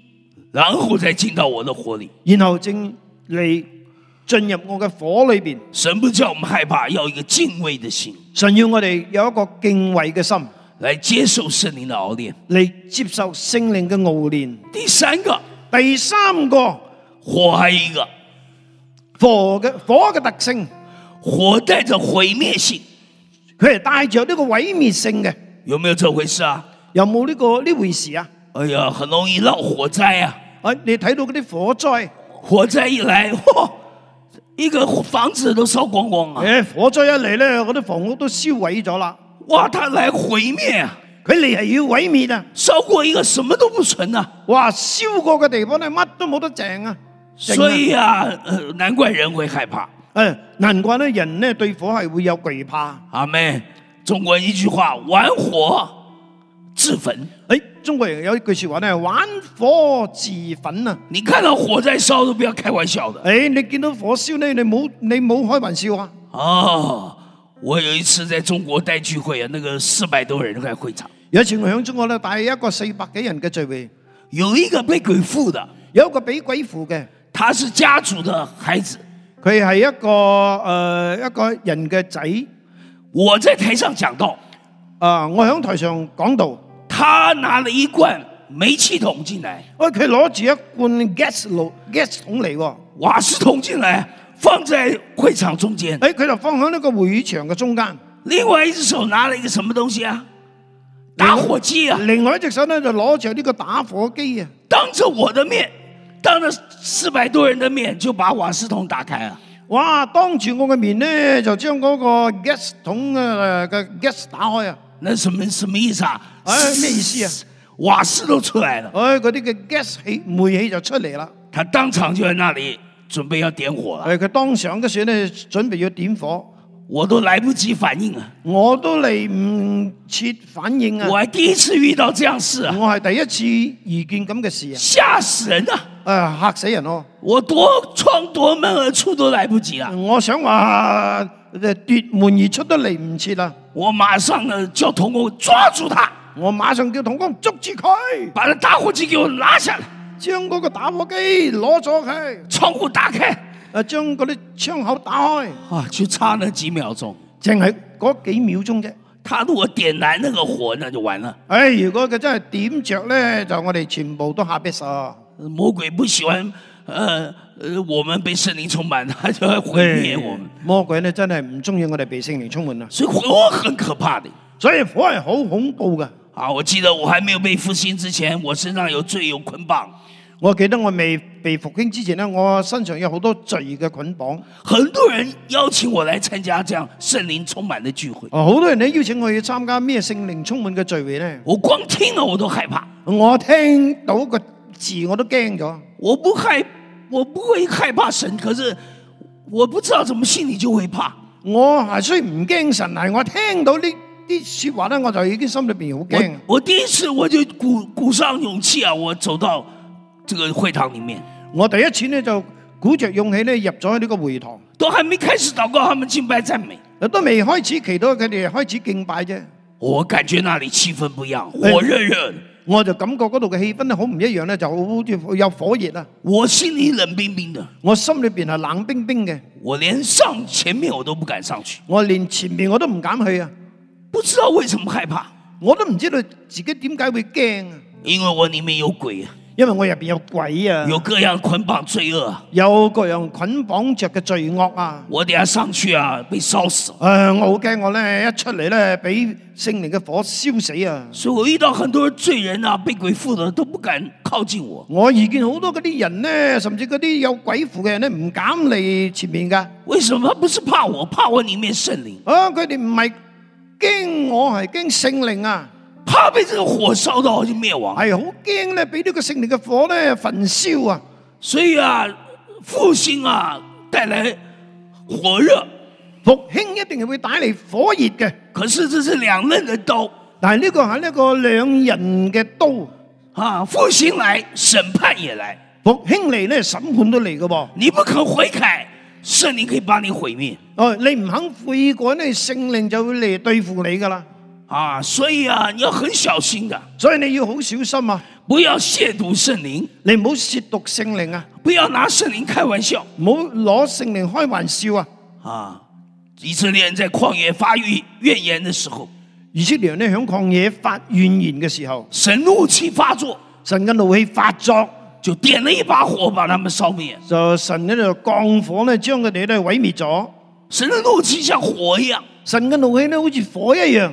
然後再進到我的火裏，然後正嚟。進入我嘅火裏邊，什麼叫我哋害怕？要一個要有一個敬畏嘅心，神要我哋有一個敬畏嘅心，嚟接受聖靈嘅熬煉，嚟接受聖靈嘅熬煉。第三個，第三個火係一個，火嘅火嘅特性，火帶着毀滅性，佢係帶着呢個毀滅性嘅，有冇有呢回事啊？有冇呢個呢回事啊？哎呀，很容易鬧火災啊！哎，你睇到嗰啲火災，火災一嚟，呵呵一個房子都燒光光啊！誒，火災一嚟咧，嗰啲房屋都燒毀咗啦。哇，他嚟毀滅啊！佢嚟係要毀滅啊！燒過一個什麼都唔存啊！哇，燒過嘅地方咧，乜都冇得淨啊，啊！所以啊、呃，難怪人會害怕。嗯，難怪咧人咧對火係會有懼怕。阿、啊、妹，中國一句話，玩火。自焚！誒、哎，中國人有一句說話呢，「玩火自焚」啊！你看到火在燒都不要開玩笑的。誒、哎，你見到火燒呢，你冇你冇開玩笑啊、哦！我有一次在中國帶聚會啊，那個四百多人喺會場。有一次我喺中國呢，帶一個四百幾人嘅聚會，有一個被鬼富鬼附的，有一個被鬼附嘅，他是家族嘅孩子，佢係一個誒、呃、一個人嘅仔。我在台上講到，啊、呃，我喺台上講到。他拿了一罐煤氣桶進來，喂，佢攞住一罐 gas 爐 gas 桶嚟，瓦斯桶進來，放在會場中間，誒，佢就放喺呢個會場嘅中間。另外一隻手拿了一個什麼東西啊？打火機啊！另外一隻手咧就攞住呢個打火機啊，當着我的面，當着四百多人嘅面，就把瓦斯桶打開啊！哇，當住我嘅面咧，就將嗰個 gas 桶嘅 gas 打開啊！那什麼什麼意思啊？哎，咩意思啊？瓦斯都出來了。誒、哎，嗰啲嘅 gas 氣、煤氣就出嚟啦。他當場就在那裏準備要點火了。誒、哎，佢當場嗰時候呢，準備要點火。我都來不及反應啊！我都嚟唔切反應啊！我係第一次遇到這樣的事啊！我係第一次遇見咁嘅事啊、哎！嚇死人啊！誒，嚇死人咯！我奪窗奪門而出都來不及啊。我想話，即係奪門而出都嚟唔切啦！我馬上呢叫同工抓住他，我馬上叫同工捉住佢，把個打火機給我拿下來，將嗰個打火機攞咗佢，窗戶打開。誒，將嗰啲窗口打開，啊，就差幾那幾秒鐘，淨係嗰幾秒鐘啫。他如果點燃那個火，那就完了。誒、哎，如果佢真係點着咧，就我哋全部都嚇弊晒。魔鬼不喜歡，誒、呃呃，我們被聖靈充滿，他就會毀滅我們。魔鬼咧真係唔中意我哋被聖靈充滿啊，所以火很可怕的，所以火係好恐怖噶。啊，我記得我還沒有被復興之前，我身上有罪有捆綁，我記得我未……被復興之前呢，我身上有好多罪嘅捆綁。很多人邀請我嚟參加這樣聖靈充滿的聚會。哦，好多人邀請我去參加咩聖靈充滿嘅聚會呢？我光聽到我都害怕。我聽到個字我都驚咗。我不害，我不會害怕神。可是我不知道怎麼心裏就會怕。我係雖然唔驚神，但係我聽到呢啲說話呢，我就已經心裏邊好驚。我第一次我就鼓鼓上勇氣啊，我走到。這個會堂裏面，我第一次呢就鼓着勇氣呢入咗呢個會堂，都還沒開始禱告，他們敬拜讚美，都未開始祈禱，其他佢哋開始敬拜啫。我感覺那裏氣氛不一樣，火，哎，熱、熱，我就感覺嗰度嘅氣氛好唔一樣咧，就好似有火熱啊。我心裏冷冰冰嘅，我心裏邊係冷冰冰嘅，我連上前面我都唔敢上去，我連前面我都唔敢去啊，不知道為什麼害怕，我都唔知道自己點解會驚啊，因為我裏面有鬼啊。因為我入面有鬼啊，有各樣捆綁罪惡，有各樣捆綁着嘅罪惡啊，我等下上去啊，被燒死了。誒、呃，我好驚我咧，一出嚟被俾聖靈嘅火燒死啊！所以我遇到很多罪人啊，被鬼附的都不敢靠近我。我又見好多嗰啲人呢，甚至嗰啲有鬼附嘅人都唔敢嚟前面㗎。為什麼？不是怕我，怕我裏面聖靈。啊，佢哋唔係驚我，係驚聖靈啊。怕被這個火燒到就滅亡。係啊，好驚咧！俾呢個聖靈嘅火咧焚燒啊，所以啊，復興啊帶來火熱，復興一定係會帶嚟火熱嘅。可是這是兩刃嘅刀，但係呢個係呢個兩人嘅刀啊！復興來，審判也來，復興嚟咧，審判都嚟噶噃。你不肯悔改，聖靈可以把你毀滅。哦，你唔肯悔改，呢聖靈就會嚟對付你噶啦。啊，所以啊，你要很小心嘅，所以你要好小心啊，不要褻瀆聖靈，你唔好褻瀆聖靈啊，不要拿聖靈開玩笑，唔攞聖靈開玩笑啊！啊，以色列人在曠野發育怨言的時候，以色列人喺曠野發怨言嘅時候，神怒氣發作，神嘅怒氣發作，就點了一把火把他們燒滅，就神呢度降火呢，將佢哋呢毀滅咗。神的怒氣像火一樣，神嘅怒氣呢，好似火一樣。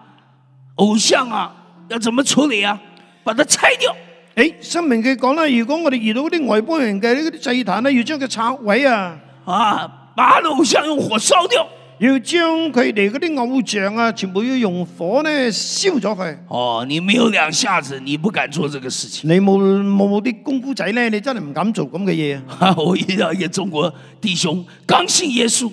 偶像啊，要怎麼處理啊？把它拆掉。誒，申命記講啦，如果我哋遇到啲外邦人嘅呢啲祭壇咧，要將佢拆毀啊！啊，把偶像用火燒掉，要將佢哋嗰啲偶像啊，全部要用火咧燒咗佢。哦，你沒有兩下子，你不敢做這個事情。你冇冇啲功夫仔咧，你真係唔敢做咁嘅嘢。 我遇到一個中國弟兄剛信耶穌，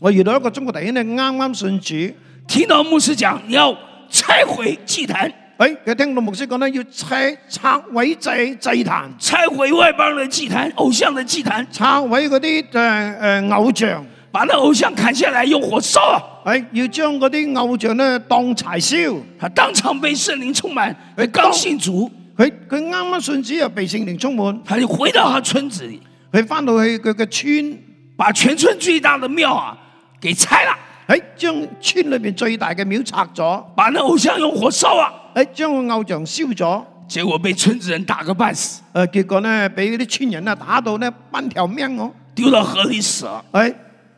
我遇到一個中國弟兄咧，啱啱信主，聽到牧師講要。拆毀祭壇，誒，佢聽到牧師講呢：「要拆拆毀祭祭壇，拆毀外邦的祭壇、偶像的祭壇，拆毀嗰啲誒誒偶像，把那偶像砍下來用火燒，誒，要將嗰啲偶像咧當柴燒。他當場被聖靈充滿，佢高興足，佢佢啱啱信主又被聖靈充滿，佢就回到佢村子裏，佢翻到去佢嘅村，把全村最大的廟啊，給拆啦。誒，將村裏面最大嘅廟拆咗，把那偶像用火燒啊！誒，將個偶像燒咗，結果被村子人打個半死。誒，結果呢，俾嗰啲村人啊打到呢半條命哦，丟到河裏死。誒，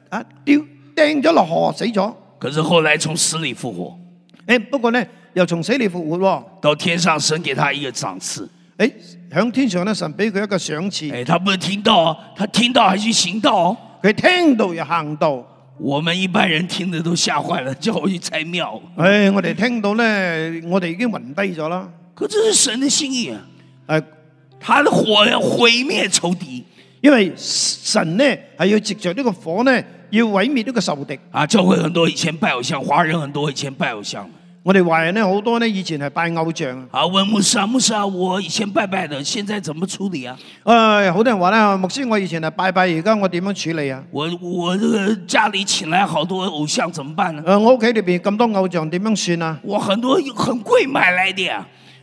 啊丟掟咗落河死咗。可是後來從死裏復活。誒，不過呢又從死裏復活。到天上神給他一個賞賜。誒，響天上嘅神俾佢一個賞賜。誒，他唔聽到、啊，他聽到還是行道，佢聽到又行道。我們一般人聽得都嚇壞了，叫我去拆廟，哎。我哋聽到咧，我哋已經暈低咗啦。佢這是神的心意啊！誒、哎，他的火要毀滅仇敵，因為神呢，係要藉着呢個火呢，要毀滅呢個仇敵。啊，教會很多以前拜偶像，華人很多以前拜偶像。我哋華人咧好多咧以前係拜偶像啊！啊，問牧師啊，牧師啊，我以前拜拜的，現在怎麼處理啊？誒、哎，好多人話咧，牧師，我以前係拜拜，而家我點樣處理啊？我我呢個家裡請來好多偶像，怎麼辦呢？誒、啊，我屋企裏邊咁多偶像，點樣算啊？我很多很貴買來啲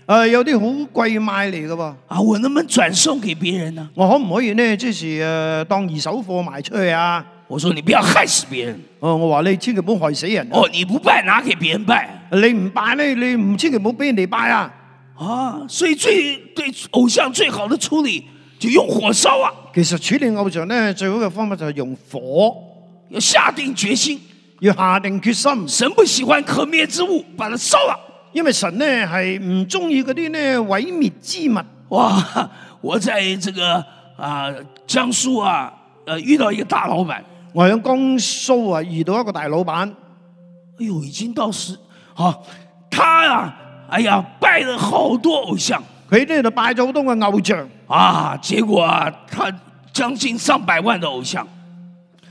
誒、uh,，有啲好貴賣嚟㗎喎！啊，我能不能轉送給別人呢？我可唔可以呢？即是誒，當二手貨賣出去啊？我說你不要害死別人。哦、uh,，我話你千祈唔好害死人，啊。哦、uh,，你不拜，拿給別人拜。你唔拜呢？你唔千祈唔好俾人哋拜啊！啊、uh,，所以最對偶像最好的處理，就用火燒啊！其實處理偶像呢，最好嘅方法就係用火。要下定決心，要下定決心。神不喜歡可滅之物，把它燒啦，啊！因為神呢係唔中意嗰啲呢毀滅之物。哇！我在這個啊，江蘇啊，啊個江蘇啊，遇到一個大老闆，我喺江蘇啊遇到一個大老闆，哎呦已經到時，吓、啊、他呀、啊，哎呀拜了好多偶像，佢呢度拜咗好多偶像。啊結果啊，他將近上百萬的偶像，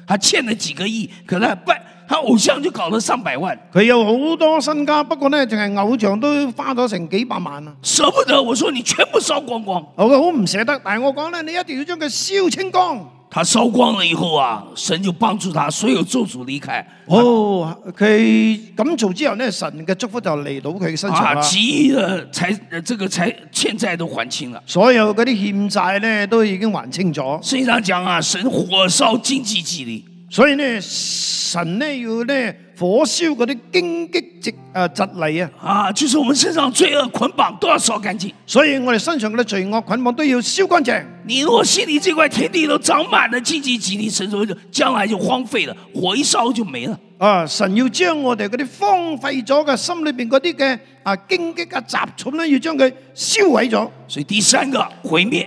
他欠咗幾個億，佢咧拜。他偶像就搞了三百萬，他有好多身家，不過呢，淨係偶像都花咗成幾百萬啦。捨不得，我說你全部燒光光，佢好唔捨得，但係我講呢，你一定要將佢燒清光他。他燒光了以後啊，神就幫助他，所有咒詛離開他。哦，佢咁做之後呢，神嘅祝福就嚟到佢嘅身上啦。啊，幾億啊，這個才欠債都還清了，所有嗰啲欠債呢都已經還清咗。聖經上講啊，神火燒荊棘地。所以呢，神呢要呢火燒嗰啲荊棘植啊雜嚟啊，啊，就是我們身上罪惡捆綁都要燒乾淨。所以我哋身上嗰啲罪惡捆綁都要燒乾淨。你如果心裡這塊田地都長滿了荊棘雜，幾幾幾幾幾將來就荒廢了，火一燒就沒了。啊，神要將我哋嗰啲荒廢咗嘅心裡邊嗰啲嘅啊荊棘啊雜草呢，要將佢燒毀咗。所以第三個毀滅。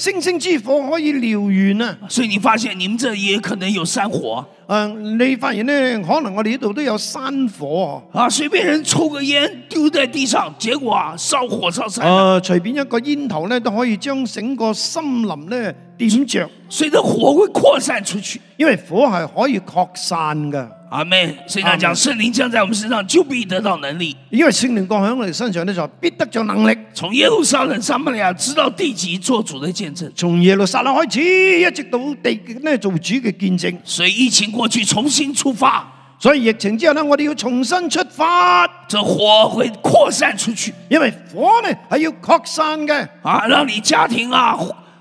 星星之火可以燎原啊！所以你發現，你們這也可能有山火，啊。嗯、呃，你發現呢，可能我哋呢度都有山火啊。啊，隨便人抽個煙丟在地上，結果、啊、燒火燒山啊。啊，隨便一個煙頭呢，都可以將整個森林呢點着，隨着火會擴散出去，因為火係可以擴散嘅。阿妹，雖然講，聖靈將在我們身上，就必得到能力，因為聖靈降喺我哋身上咧，就必得咗能力。從耶路撒冷、撒瑪利亞直到地極做主的見證，從耶路撒冷開始，一直到地極呢做主嘅見證。所以疫情過去，重新出發。所以疫情之後咧，我哋要重新出發。這火會擴散出去，因為火呢係要擴散嘅啊，讓你家庭啊。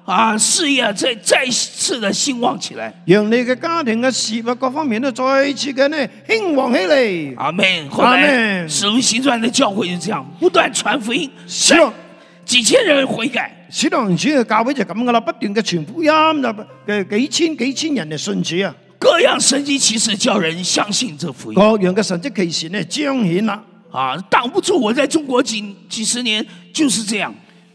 啊！事業再再次的興旺起來，讓你的家庭的事啊，各方面都再次的呢興旺起嚟。阿門，阿門。使徒行傳的教會就這樣，不斷傳福音，使幾千人悔改。使徒行傳的教會就咁噶啦，不斷嘅傳福音，咁就誒幾千幾千人嘅信主啊，各樣神蹟奇事叫人相信這福音。各樣的神蹟奇事呢彰顯啦，啊，擋不住我在中國幾幾十年就是這樣。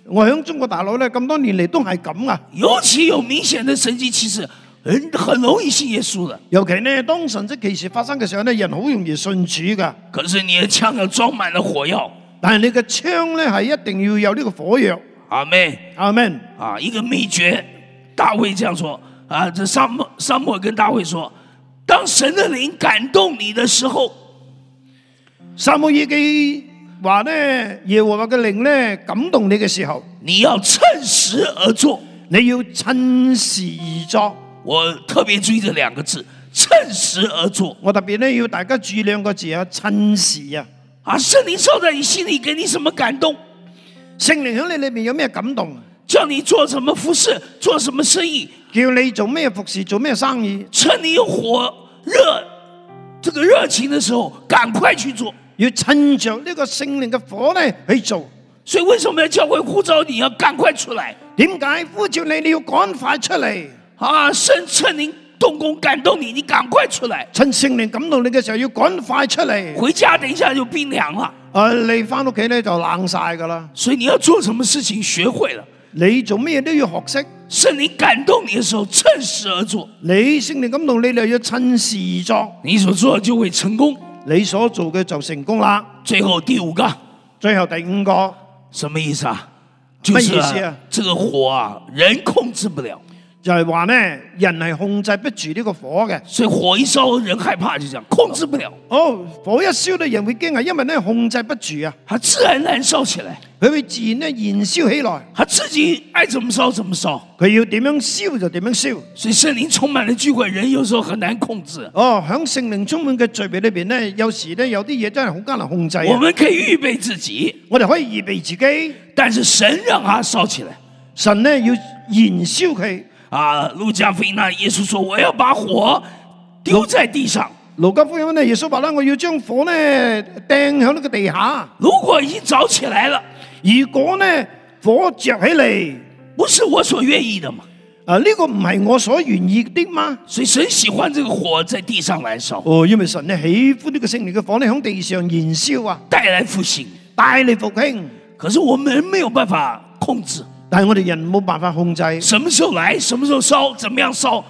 我喺中國大陸呢咁多年嚟都係咁啊，尤其有明顯的神蹟奇事，很、很容易信耶穌的。尤其呢，當神蹟奇事發生嘅時候呢，人好容易信主噶。可是你嘅槍又裝滿咗火藥，但係你嘅槍呢，係一定要有呢個火藥。阿們，阿們，啊，一個秘訣，大衛這樣說：啊，這撒母耳，撒母耳跟大衛說，當神的靈感動你的時候，撒母耳記。話呢，耶和華嘅靈呢，感動你嘅時候，你要趁時而作，你要趁時而作。我特別注意這兩個字，趁時而作。我特別呢要大家注意兩個字啊，趁時啊。啊，聖靈收在你心裏，給你什麼感動？聖靈喺你裏面有咩感動？叫你做什麼服事，做什麼生意？叫你做咩服事，做咩生意？趁你有火熱，這個熱情的時候，趕快去做。要趁著呢個聖靈嘅火呢去做，所以為什麼教會呼召你要趕快出來？點解呼召你？你要趕快出來啊！聖趁聖靈動工感動你，你趕快出來。趁聖靈感動你嘅時候，要趕快出嚟。回家等一下就冰涼啦。誒、啊，你返到屋企呢，就冷晒噶啦。所以你要做什麼事情？學會了，你做咩嘢都要學識。聖靈感動你嘅時候，趁時而做。你聖靈感動你，你要趁時而做。你所做就會成功。你所做嘅就成功啦。最後第五個，最後第五個，什麼意思啊？就是啊，咩意思啊？這個火啊，人控制不了。就是說咧，人是控制不住呢個火的，所以火一燒，人害怕，就這樣控制不了。哦，火一燒的人會驚啊，因為呢控制不住啊，他自然燃燒起來，他會自然咧燃燒起來，係自己愛怎麼燒怎麼燒，佢要點樣燒就點樣燒。所以聖靈充滿了聚會，人有時候很難控制。哦，響聖靈充滿嘅聚會裏邊咧，有時咧有啲嘢真係好艱難控制。我們可以預備自己，我們可以預備自己，但是神讓它燒起來，神咧要燃燒佢。啊，路加福音呢，耶穌說：“我要把火丟在地上。路”路加福音呢？耶穌把那我要將火呢，掟響那個地下。如果已經着起來了，如果呢，火着起嚟，不是我所願意的嘛？啊，呢個唔係我所願意的嗎？所以神喜歡這個火在地上燃燒。哦，因為神呢喜歡呢個聖靈嘅火呢響地上燃燒啊，帶來復興，帶來復興。可是我們沒有辦法控制。但係我哋人冇辦法控制。什麼時候來，什麼時候燒？怎麼樣燒？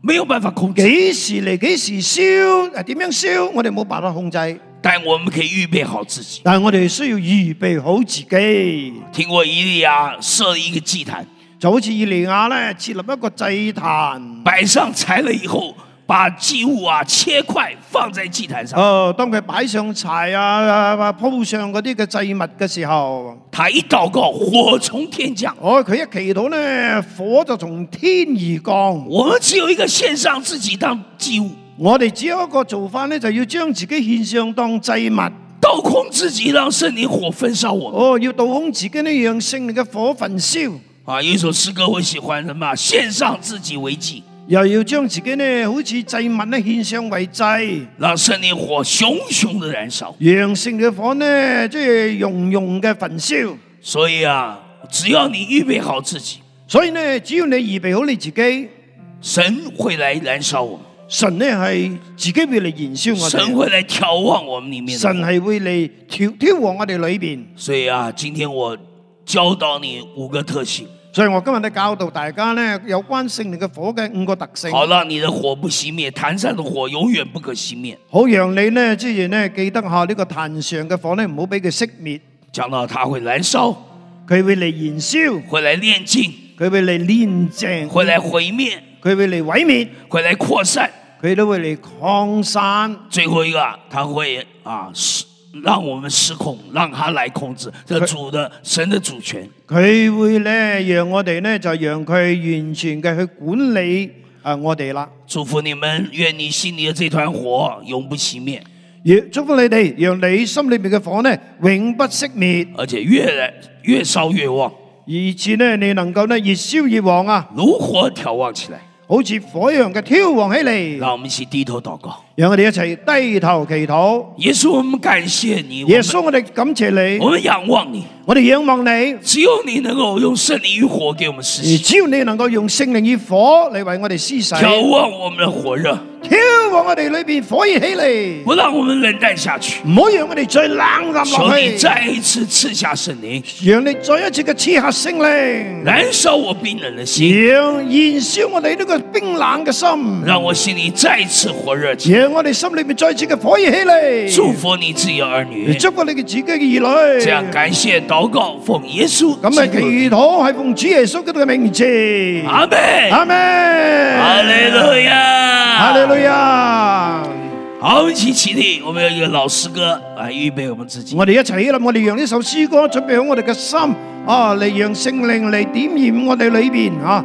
沒有辦法控制。幾時嚟？幾時燒？係、啊、點樣燒？我哋冇辦法控制。但我們可以預備好自己。但我哋需要預備好自己。聽過以利亞設一個祭壇，就好似以利亞呢，設立一個祭壇，擺上柴了以後。把祭物啊切塊放在祭壇上。哦，當佢擺上柴啊，鋪上嗰啲嘅祭物嘅時候，睇到個火從天降。哦，佢一祈禱呢，火就從天而降。我們只有一個獻上自己當祭物，我哋只有一個做法呢，就要將自己獻上當祭物，掏空自己讓聖靈火焚燒。哦，要掏空自己呢，讓聖靈嘅火焚燒。啊，有一首詩歌我喜歡，什麼獻上自己為祭。又要將自己呢，好似祭物呢獻上為祭，讓神的火熊熊的燃燒，陽性嘅火呢，即係融融嘅焚燒，所以啊，只要你預備好自己，所以呢，只要你預備好你自己，神會嚟燃燒我，神呢係自己會嚟燃燒我，神會嚟挑旺我們裏面，神係會嚟挑旺我哋裏邊，所以啊，今天我教導你五個特性。所以我今日咧教導大家咧有關聖靈嘅火嘅五個特性。好啦，讓你的火不熄滅，壇上嘅火永遠不可熄滅。好，讓你呢，即係咧記得下呢、這個壇上嘅火咧，唔好俾佢熄滅。將來，佢會燃燒，佢會嚟燃燒，會嚟煉淨，佢會嚟煉淨，佢會嚟毀滅，佢會嚟毀滅，會嚟擴散，佢都會嚟擴散。最後一個，佢會啊。讓我們失控，讓他來控制這主的他神的主權。佢會咧，讓我哋咧，就讓佢完全嘅去管理啊，我哋啦。祝福你們，願你心裏嘅這團火永不熄滅。也祝福你哋，讓你心裏邊嘅火呢永不熄滅，而且越來越燒越旺，以致呢你能夠呢越燒越旺啊，爐火挑旺起來，好似火焰嘅挑旺起嚟。嗱，我們一起低頭禱告。讓我哋一齊低頭祈禱，耶穌，我們感謝你，耶穌，我哋感謝你，我們仰望你，我哋仰望你，只要你能夠用聖靈與火給我們施洗，只要你能夠用聖靈與火嚟為我哋施洗，挑旺我們的火熱，挑旺我哋裏邊火熱起嚟，唔讓我哋冷淡下去，唔好讓我哋再冷淡落去，求你再一次賜下聖靈，讓你再一次嘅賜下聖靈，聖靈燃燒我冰冷的心，燃燒我你呢個冰冷嘅心，讓我心裏再次火熱我哋心裏面再次嘅火熱起嚟，祝福你自己兒女，祝福你嘅自己嘅兒女。這樣感謝禱告奉耶穌，咁啊祈禱係奉主耶穌基督嘅名字。阿們，阿們，哈利路亞，哈利路亞，好，起起立！我們有一個老詩歌嚟預備我們自己，我哋一齊啦！我哋用呢首詩歌準備好我哋嘅心啊，嚟讓聖靈嚟點燃我哋裏邊啊。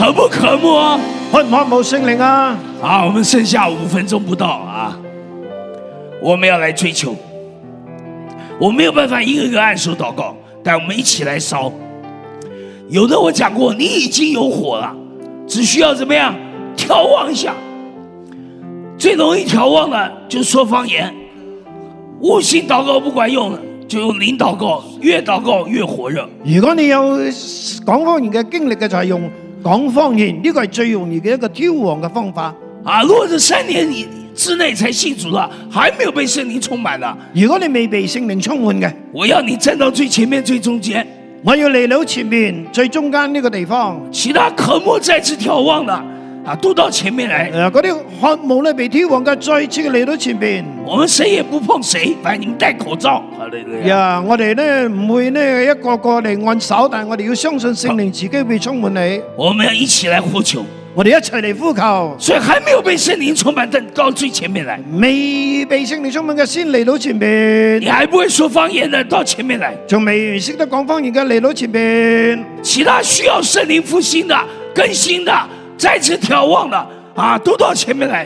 可不可慕啊？看唔看冇聖靈啊？好，我們剩下五分鐘不到啊，我們要來追求。我沒有辦法一個一個，一個按手禱告，但我們一起來燒。有的我講過，你已經有火了，只需要怎麼樣挑旺一下。最容易挑旺的就是說方言，悟性禱告不管用了，就用靈禱告，越禱告越，越火熱。如果你有講方言嘅經歷嘅，才用。講方言呢，這個係最容易嘅一個挑旺嘅方法啊！如果係三年以之內才信主啦，還沒有被聖靈充滿嘅，如果你未被聖靈充滿嘅，我要你站到最前面最中間，我要你到前面最中間呢個地方，其他渴慕再次挑旺啦！啊，都到前面嚟，嗰啲渴慕咧被挑旺嘅再次嚟到前面，我們誰也不碰誰，反正戴口罩。呀、啊 yeah，我哋呢唔會呢一個個嚟按手，但係我哋要相信聖靈，自己會充滿你。我們要一起嚟呼求，我哋一齊嚟呼求。所以還沒有被聖靈充滿的，到最前面嚟；未被聖靈充滿嘅，先嚟到前面。你還不會說方言嘅，到前面嚟；仲未識得講方言嘅嚟到前面。其他需要聖靈復興嘅、更新嘅、再次挑旺嘅，啊，都到前面嚟。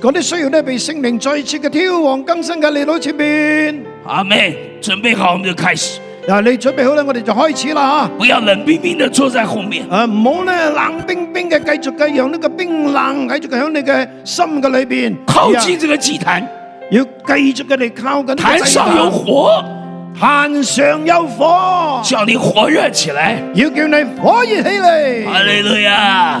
嗰啲需要呢被聖靈再次嘅挑旺、更新嘅嚟到前面。阿妹，準備好，我、啊你準備好，我們就開始。你準備好咧，我哋就開始啦啊！不要冷冰冰的坐在後面。啊，唔好咧，冷冰冰嘅，繼續嘅，用那個冰冷喺就響你嘅心嘅裏邊，靠近這個祭壇，啊，要繼續嘅你靠近。壇上有火，壇上有火，叫你火熱起來，要叫你火熱起嚟。哈利路亞。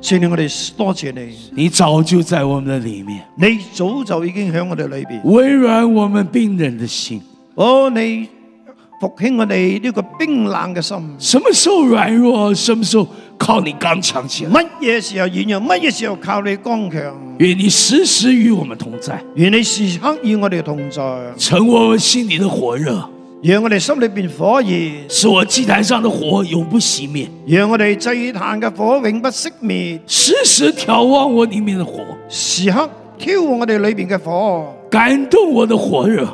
聖靈，我哋多謝你。你早就在我們的裏面，你早就已經響我哋的裏邊，温暖我們冰冷的心。哦，你復興我哋呢個冰冷嘅心。什麼時候軟弱，什麼時候靠你剛強起來。乜嘢時候軟弱，乜嘢時候靠你剛強。願你時時與我們同在，願你時刻與我哋同在，成為我們心裏的火熱。讓我哋心裏邊火熱，使我祭壇上的火永不熄滅；讓我哋祭壇嘅火永不熄滅，時時眺望我裏面嘅火，時刻眺望我哋裏面嘅火，感動我哋火熱，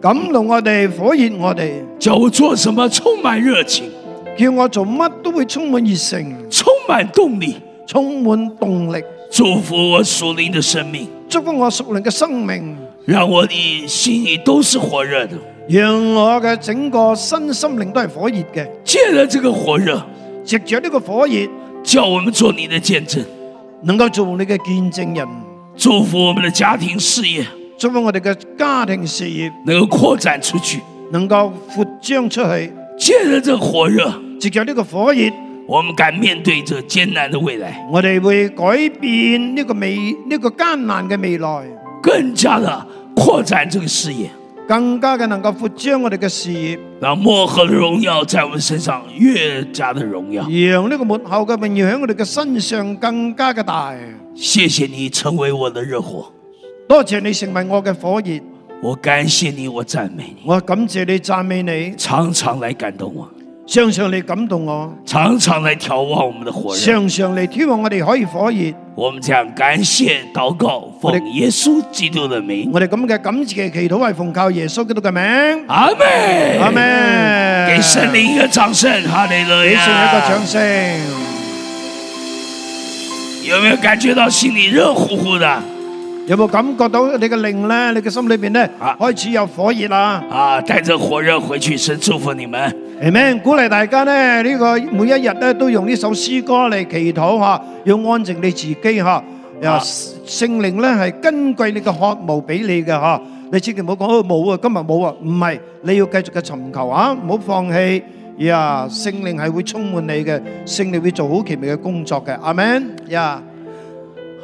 感動我哋火熱我。我哋叫我做什麼，充滿熱情；叫我做乜都會充滿熱情，充滿動力，充滿動力。祝福我屬靈的生命，祝福我屬靈嘅生命，讓我哋心裏都是火熱的。讓我嘅整個身心靈都係火熱嘅，借着這個火熱，借着呢個火熱，叫我們做你的見證，能夠做你的見證人，祝福我們的家庭事業，祝福我哋嘅家庭事業能夠擴展出去，能夠擴張出去，借着這個火熱，借着呢個火熱，我們敢面對這艱難的未來，我哋會改變呢個未呢個艱難嘅未來，更加的擴展這個事業。更加嘅能夠擴張我哋嘅事業，讓幕後的榮耀在我們身上越加的榮耀，讓呢個幕後嘅榮耀喺我哋嘅身上更加嘅大。謝謝你成為我的熱火，多謝你成為我嘅火焰，我感謝你，我讚美你，我感謝你讚美你，常常來感動我。常常嚟感動我，常常嚟挑旺我們的火熱，常常嚟希望我哋可以火熱。我們想感謝禱告，我奉耶穌基督嘅名，我哋咁嘅感謝嘅祈禱係奉靠耶穌基督嘅名。阿們，阿們，給神靈一個掌聲，下嚟嚟呀！給神靈一個掌聲，有沒有感覺到心裏熱乎乎的？有冇感覺到你嘅靈咧？你嘅心裏面咧，開始有火熱啦！啊，帶着火熱回去，先祝福你們。Amen，鼓勵大家咧，呢個每一日咧都用呢首詩歌嚟祈禱吓，要安靜你自己吓。呀，聖靈咧係根據你嘅渴慕俾你嘅吓，你千祈唔好講哦冇啊，今日冇啊。唔係，你要繼續嘅尋求啊，唔好放棄。呀，聖靈係會充滿你嘅，聖靈會做好奇妙嘅工作嘅。Amen，呀。